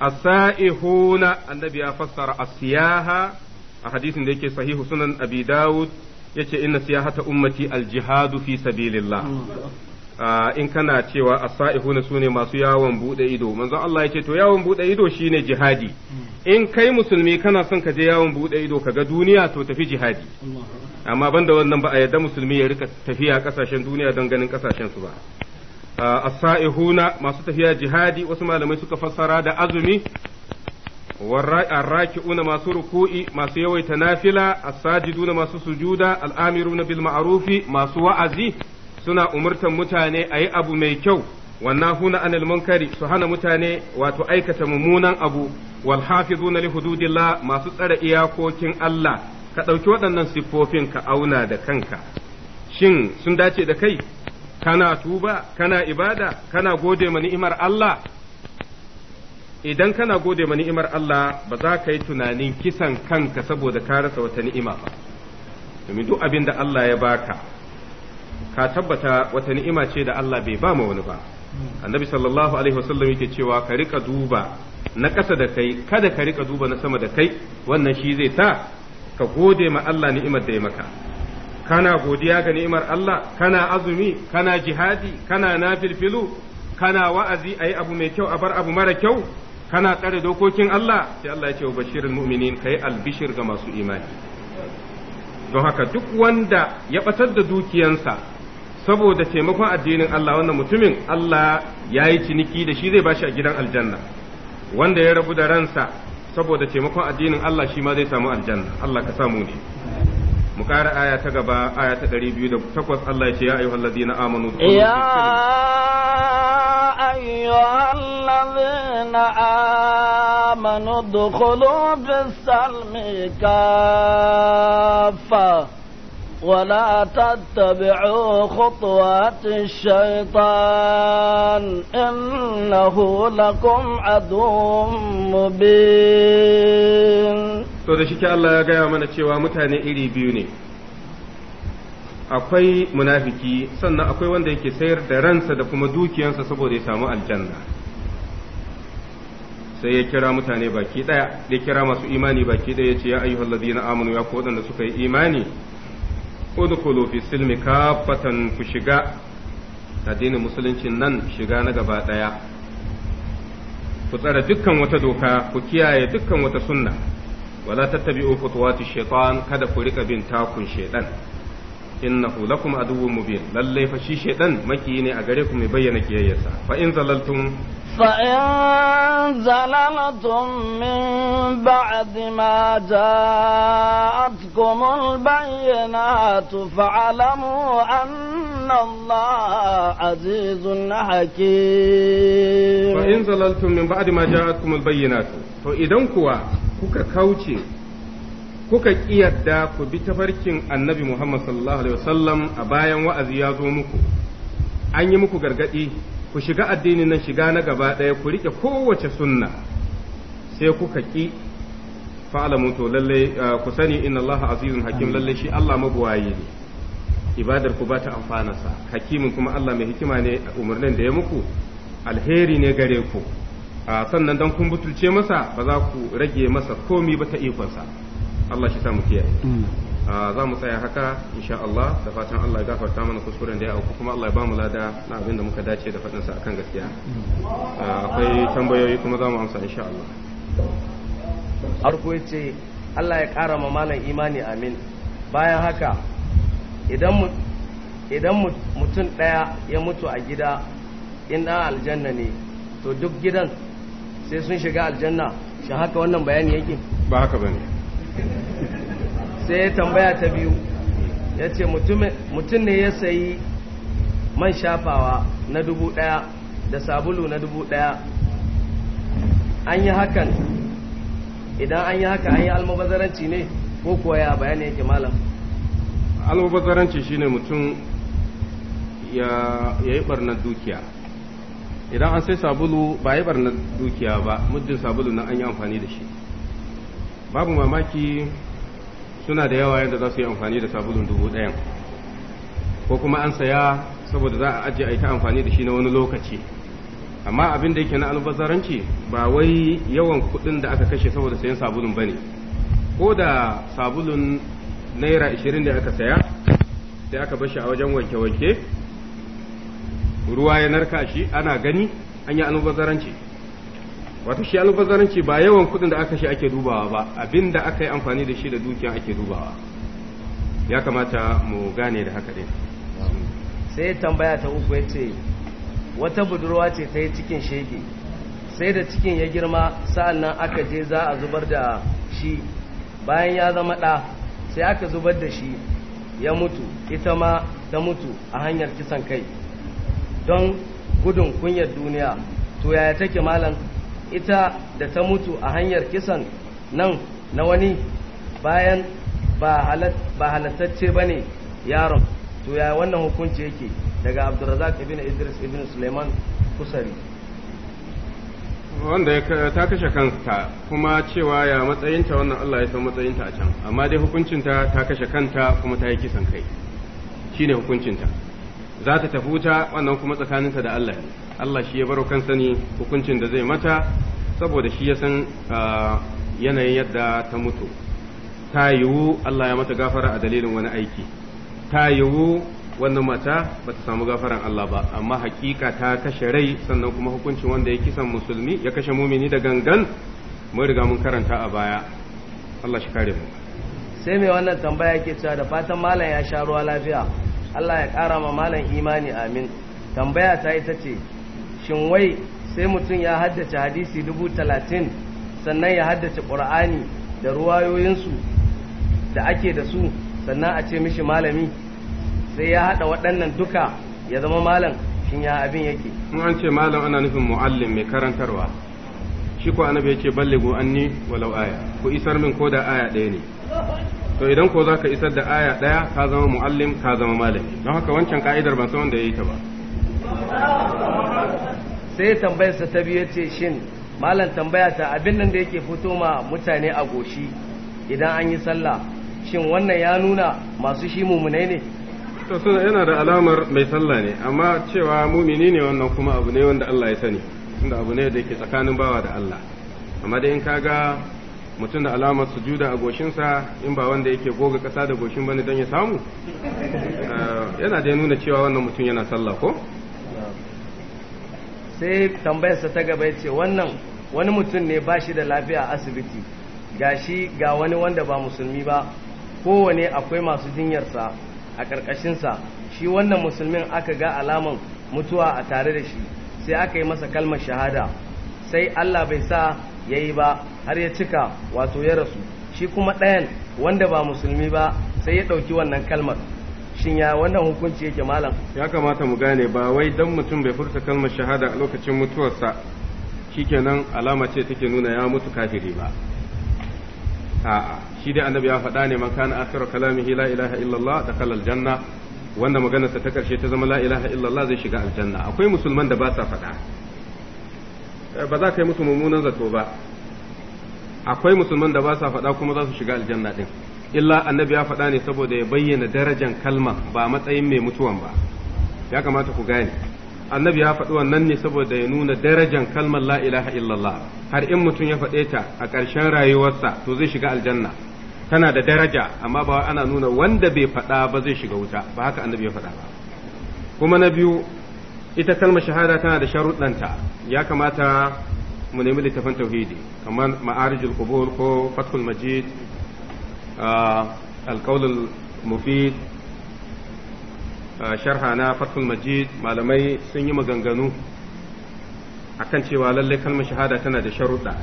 asa'ihuna annabi ya fassara asiyaha a hadisin da yake sahihu sunan Abidawud dawud yace inna siyahata ummati aljihadu fi sabilillah hmm. ah, in kana cewa asa'ihuna sune masu yawon bude ido manzo Allah yace to yawon bude ido shine jihadi hmm. in kai musulmi kana son ka je yawon bude ido kaga duniya to tafi jihadi amma banda wannan ba a yarda musulmi ya rika tafiya kasashen duniya don ganin kasashensu ba Ah, as-sa'ihuna masu tafiya jihadi wasu malamai suka fassara da azumi arraki'una masu ruku'i masu yawaita nafila as-sajiduna masu sujuda al-amiruna bil ma'rufi masu wa'azi suna umurtan mutane a yi abu mai kyau huna anil munkari su hana mutane wato aikata mummunan abu wal hafizuna li hududillah masu tsare iyakokin Allah ka ɗauki waɗannan siffofin ka auna da kanka shin sun dace da kai kana tuba kana ibada kana gode ma ni'imar Allah idan kana gode ma ni'imar Allah ba za ka yi tunanin kisan kanka saboda ka rasa wata ni'ima ba domin duk abin da Allah ya baka ka tabbata wata ni'ima ce da Allah bai ba ma wani ba annabi sallallahu alaihi wasallam yake cewa ka rika duba na ƙasa da kai kada ka rika duba na sama da kai wannan shi zai ta ka gode ma Allah ni'imar da ya maka kana godiya ga ni'imar Allah kana azumi kana jihadi kana nafilfilu kana wa'azi ayi abu mai kyau a bar abu mara kyau kana tsare dokokin Allah sai Allah ya ce wa bashirul mu'minin kai albishir ga masu imani don haka duk wanda ya batar da dukiyansa saboda taimakon addinin Allah wannan mutumin Allah ya yi ciniki da shi zai bashi a gidan aljanna wanda ya rabu da ransa saboda taimakon addinin Allah shi ma zai samu aljanna Allah ka samu ne mu ƙara aya ta gaba aya ta ɗari biyu da takwas Allah ya ce ya ayyuha allazina amanu ya ayyuha allazina amanu dukhulu bis salmi kafa ولا تتبعوا خطوات الشيطان إنه لكم عدو مبين to da shike Allah ya gaya mana cewa mutane iri biyu ne akwai munafiki sannan akwai wanda yake sayar da ransa da kuma dukiyansa saboda ya samu aljanna sai ya kira mutane baki daya ya kira masu imani baki daya ya ce ya ayyuhallazina amanu ya ko waɗanda suka yi imani udkhulu fi silmi kafatan ku shiga addinin musuluncin nan shiga na gaba daya ku tsara dukkan wata doka ku kiyaye dukkan wata sunna wala tattabi'u khutuwati shaytan kada ku rika bin takun shaytan innahu lakum aduwwun mubin lalle fa shi shaytan maki ne a gare ku mai bayyana kiyayyarsa fa in zalaltum فإن زللتم من بعد ما جاءتكم البينات فاعلموا أن الله عزيز حكيم فإن زللتم من بعد ما جاءتكم البينات فإذا كوا كوكا كوتشي kuka kiyarda ku bi tafarkin annabi Muhammad sallallahu alaihi wasallam a bayan wa'azi ya zo muku an yi muku gargaɗi. ku shiga addinin nan shiga na gaba ɗaya ku riƙe kowace sunna sai kuka ƙi fa'alamu to lalle ku sani inna Allah azizun hakim lallai shi Allah mabuwaye ne ibadar ku ba ta amfanarsa hakimin kuma Allah mai hikima ne a umarnin da ya muku alheri ne gare ku sannan dan kun butulce masa ba za ku rage masa komi ba ta ikonsa Allah shi sa mu kiyaye mm. Ah, za mu tsaya haka insha Allah da fatan Allah ya gafarta mana kuskuren da ya auku kuma Allah ya bamu lada na abin da muka dace da faɗinsa akan gaskiya ah, akwai tambayoyi kuma za mu amsa insha Allah arko yace Allah ya ƙara ma malam imani amin bayan haka idan idan mutum ɗaya ya mutu a gida in ɗan aljanna ne to duk gidan sai sun shiga aljanna shi haka wannan bayani yake ba haka bane sai ya tambaya ta biyu ya ce mutum ne ya sayi man shafawa na dubu daya da sabulu na dubu daya an yi hakan idan an yi haka an yi almubazaranci ne ko kuwa ya bayani yake malam almubazaranci shine mutum ya yi barnar dukiya idan an sai sabulu ba yi barnar dukiya ba muddin sabulu na an yi amfani da shi babu mamaki suna da yawa yadda za su yi amfani da sabulun dubu ɗayan ko kuma an saya saboda za a ajiye a ta amfani da shi na wani lokaci amma abin da yake na albazaranci ba wai yawan kuɗin da aka kashe saboda sayan sabulun ba ne ko da sabulun naira ashirin da aka saya sai aka bashi a wajen wanke-wanke ruwa ya narka shi ana gani an yi albazaranci wato shi alfazaranci ba yawan kuɗin da aka shi ake dubawa ba abin aka yi amfani da shi da dukiya ake dubawa ya kamata mu gane da haka ɗin sai tambaya ta uku ya ce wata budurwa ce ta yi cikin shege sai da cikin ya girma sa'an nan aka je za a zubar da shi bayan ya zama ɗa sai aka zubar da shi ya mutu ita ma ta mutu a hanyar kisan kai don gudun kunyar duniya to yaya take malam ita da ta mutu a hanyar kisan nan na wani bayan ba halattacce ba ne yaron to ya wannan hukunci yake daga abdurrazak ibn idris ibn suleiman kusari wanda ta kashe kanta kuma cewa ya matsayinta wannan allah ya san matsayinta a can amma dai hukuncinta ta kashe kanta kuma ta yi kisan kai shine hukuncinta za ta tafuta wannan kuma tsakaninta da allah ne Allah shi ya baro kan sani hukuncin da zai mata saboda shi ya san ah, yanayin yadda ta mutu ta yiwu Allah ya mata gafara a dalilin wani aiki ta yiwu wannan mata ba ta samu gafaran Allah ba amma hakika ta kashe rai sannan kuma hukuncin wanda ya kisan musulmi ya kashe mumini da gangan mun riga mun karanta a baya Allah shi kare mu sai mai wannan tambaya ke cewa da fatan malam ya sha ruwa lafiya Allah ya kara ma malam imani amin tambaya ta ita ce shin wai sai mutum ya haddace hadisi dubu talatin sannan ya haddace ƙur'ani da ruwayoyinsu da ake da su sannan a ce mishi malami sai ya haɗa waɗannan duka ya zama malam shin ya abin yake in an ce malam ana nufin muallim mai karantarwa shi ko annabi yake ballego anni walau aya ku isar min ko da aya ɗaya ne to idan ko zaka isar da aya ɗaya ka zama muallim ka zama malami don haka wancan ka'idar ban san wanda yi ta ba sai tambayarsa ta biyu ce shin malam tambaya ta abin nan da yake fito ma mutane a goshi idan an yi sallah shin wannan ya nuna masu shi mumunai ne to so yana da alamar mai sallah ne amma cewa mumini ne wannan kuma abu ne wanda Allah ya sani tunda abu ne da yake tsakanin bawa da Allah amma dai in kaga mutum da alamar sujuda a goshinsa in ba wanda yake goga ƙasa da goshin bane don ya samu (laughs) eh, yana da nuna cewa wannan mutum yana sallah ko sai tambayarsa ta gaba ya ce wannan wani mutum ne ba shi da lafiya a asibiti gashi ga wani wanda ba musulmi ba kowane akwai masu jinyarsa a ƙarƙashinsa shi wannan musulmin aka ga alaman mutuwa a tare da shi sai aka yi masa kalmar shahada sai allah bai sa ya yi ba har ya cika wato ya rasu shi kuma ɗayan wanda ba musulmi ba sai ya ɗauki wannan kalmar shin ya wannan hukunci yake malam ya kamata mu gane ba wai dan mutum bai furta kalmar shahada a lokacin mutuwarsa shikenan alama ce take nuna ya mutu kafiri ba a'a shi dai annabi ya faɗa ne man kana akhiru kalamihi la ilaha illallah dakhala aljanna wanda maganarsa ta karshe ta zama la ilaha illallah zai shiga aljanna akwai musulman da ba sa faɗa eh, ba za ka yi musu mummunan zato ba akwai musulman da ba sa faɗa kuma za su shiga aljanna din illa annabi ya faɗa ne saboda ya bayyana darajan kalma ba matsayin mai mutuwan ba ya kamata ku gane annabi ya faɗi wannan ne saboda ya nuna darajan kalmar la ilaha illallah har in mutum ya faɗe ta a ƙarshen rayuwarsa to zai shiga aljanna tana da daraja amma ba ana nuna wanda bai faɗa ba zai shiga wuta ba haka annabi ya faɗa ba kuma na biyu ita kalmar shahada tana da sharuɗanta ya kamata mu nemi littafin tauhidi kamar ma'arijul qubur ko fathul majid alƙaulul mufid sharha na fathul majid malamai sun yi maganganu akan cewa lallai kalmar shahada tana da sharuɗa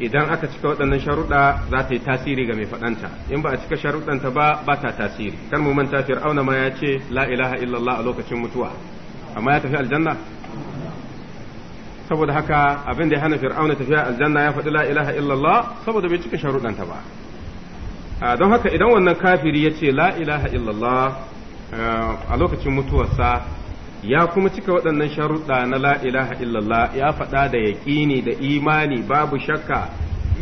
idan aka cika waɗannan sharuɗa za ta yi tasiri ga mai faɗanta in ba a cika sharuɗanta ba ba ta tasiri kan mu manta fir'auna ma ya ce la ilaha illallah a lokacin mutuwa amma ya tafi aljanna saboda haka abin da ya hana fir'auna tafiya aljanna ya faɗi la ilaha illallah saboda bai cika sharuɗanta ba Ah, don haka idan wannan kafiri ya ce la ilaha illallah ah, a lokacin mutuwarsa ya kuma cika waɗannan sharuɗa na la ilaha illallah ya faɗa da yaƙini da imani babu shakka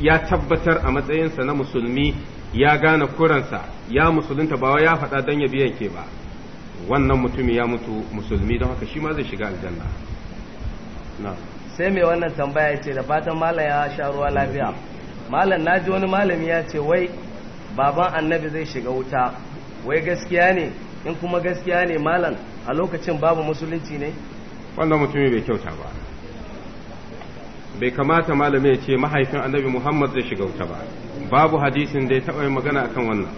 ya tabbatar a matsayinsa na musulmi ya gane kuransa ya musulunta bawa ya faɗa don ya biyan ke ba wannan mutumi ya mutu musulmi don haka shi ma zai shiga aljanna sai mai wannan tambaya ce da fatan malam ya sha ruwa lafiya malam naji wani malami ya ce wai baban annabi zai shiga wuta wai gaskiya ne in kuma gaskiya ne malam a lokacin babu musulunci ne wannan mutumi bai kyauta ba bai kamata malami ya ce mahaifin annabi muhammad zai shiga wuta ba babu hadisin da ya taɓa yin magana akan wannan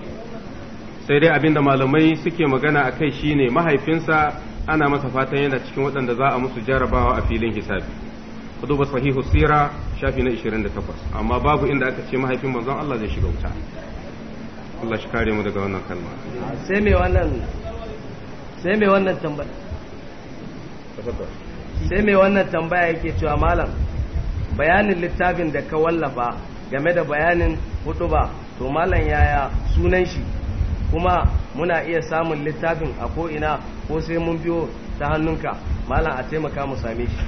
sai dai abinda malamai suke magana a kai shine mahaifinsa ana masa fatan yana cikin waɗanda za a musu jarabawa a filin hisabi ku duba sahihu sira shafi na 28 amma babu inda aka ce mahaifin manzon Allah zai shiga wuta Allah shi kare mu daga wannan kalma sai mai wannan sai mai wannan tambaya sai mai wannan tambaya yake cewa malam bayanin littafin da ka wallafa game da bayanin hutuba to malam yaya sunan shi kuma muna iya samun littafin a ko'ina ko sai mun biyo ta hannunka malam a taimaka mu same shi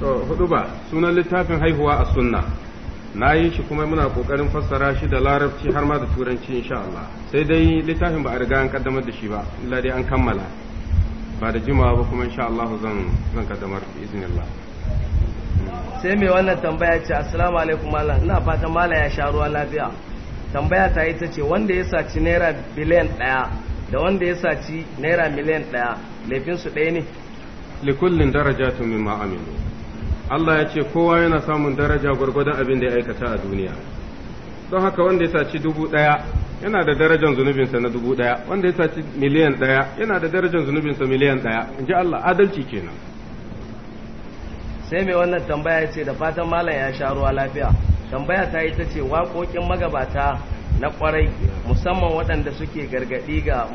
to hutuba sunan littafin haihuwa a sunna na yi shi kuma muna kokarin fassara shi da larabci har ma da turanci insha Allah sai dai littafin ba a riga an kaddamar da shi ba illa dai an kammala ba da jimawa ba kuma insha Allah zan zan kaddamar izinin Allah sai mai wannan tambaya ce assalamu alaikum malam ina fatan malam ya sha ruwa lafiya tambaya ta ita ce wanda ya saci naira biliyan daya da wanda ya saci naira miliyan daya laifin su ɗaya ne likullin darajatun mimma Aminu. Allah ya ce kowa yana samun daraja gwargwadon abin da ya aikata a duniya don haka wanda ya saci dubu ɗaya yana da darajar zunubinsa na dubu ɗaya wanda ya saci miliyan ɗaya yana da darajar zunubinsa miliyan ɗaya in ji Allah adalci kenan sai mai wannan tambaya ya ce da fatan malam ya sha ruwa lafiya tambaya ta yi ta ce waƙoƙin magabata na kwarai musamman waɗanda suke gargaɗi ga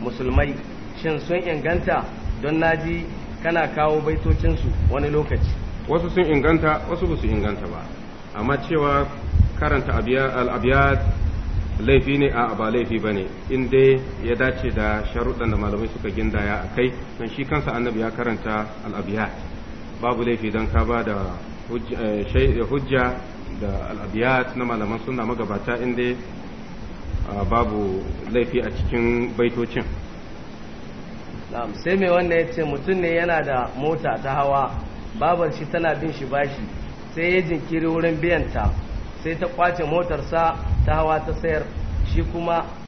musulmai shin sun inganta don naji kana kawo baitocinsu wani lokaci wasu sun inganta wasu ba su inganta ba amma cewa karanta al'abiyat laifi ne a ba laifi ba ne in dai ya dace da sharuɗan da malamai suka gindaya a kai don shi kansa annabi ya karanta al'abiyat babu laifi don ka ba da hujja eh, da al'abiyat na malaman suna magabata in dai babu laifi a cikin baitocin sai mai wannan ya ce mutum ne yana da mota ta hawa babar shi tana bin shi bashi sai ya jinkiri wurin biyanta sai ta kwace motarsa ta hawa ta sayar shi kuma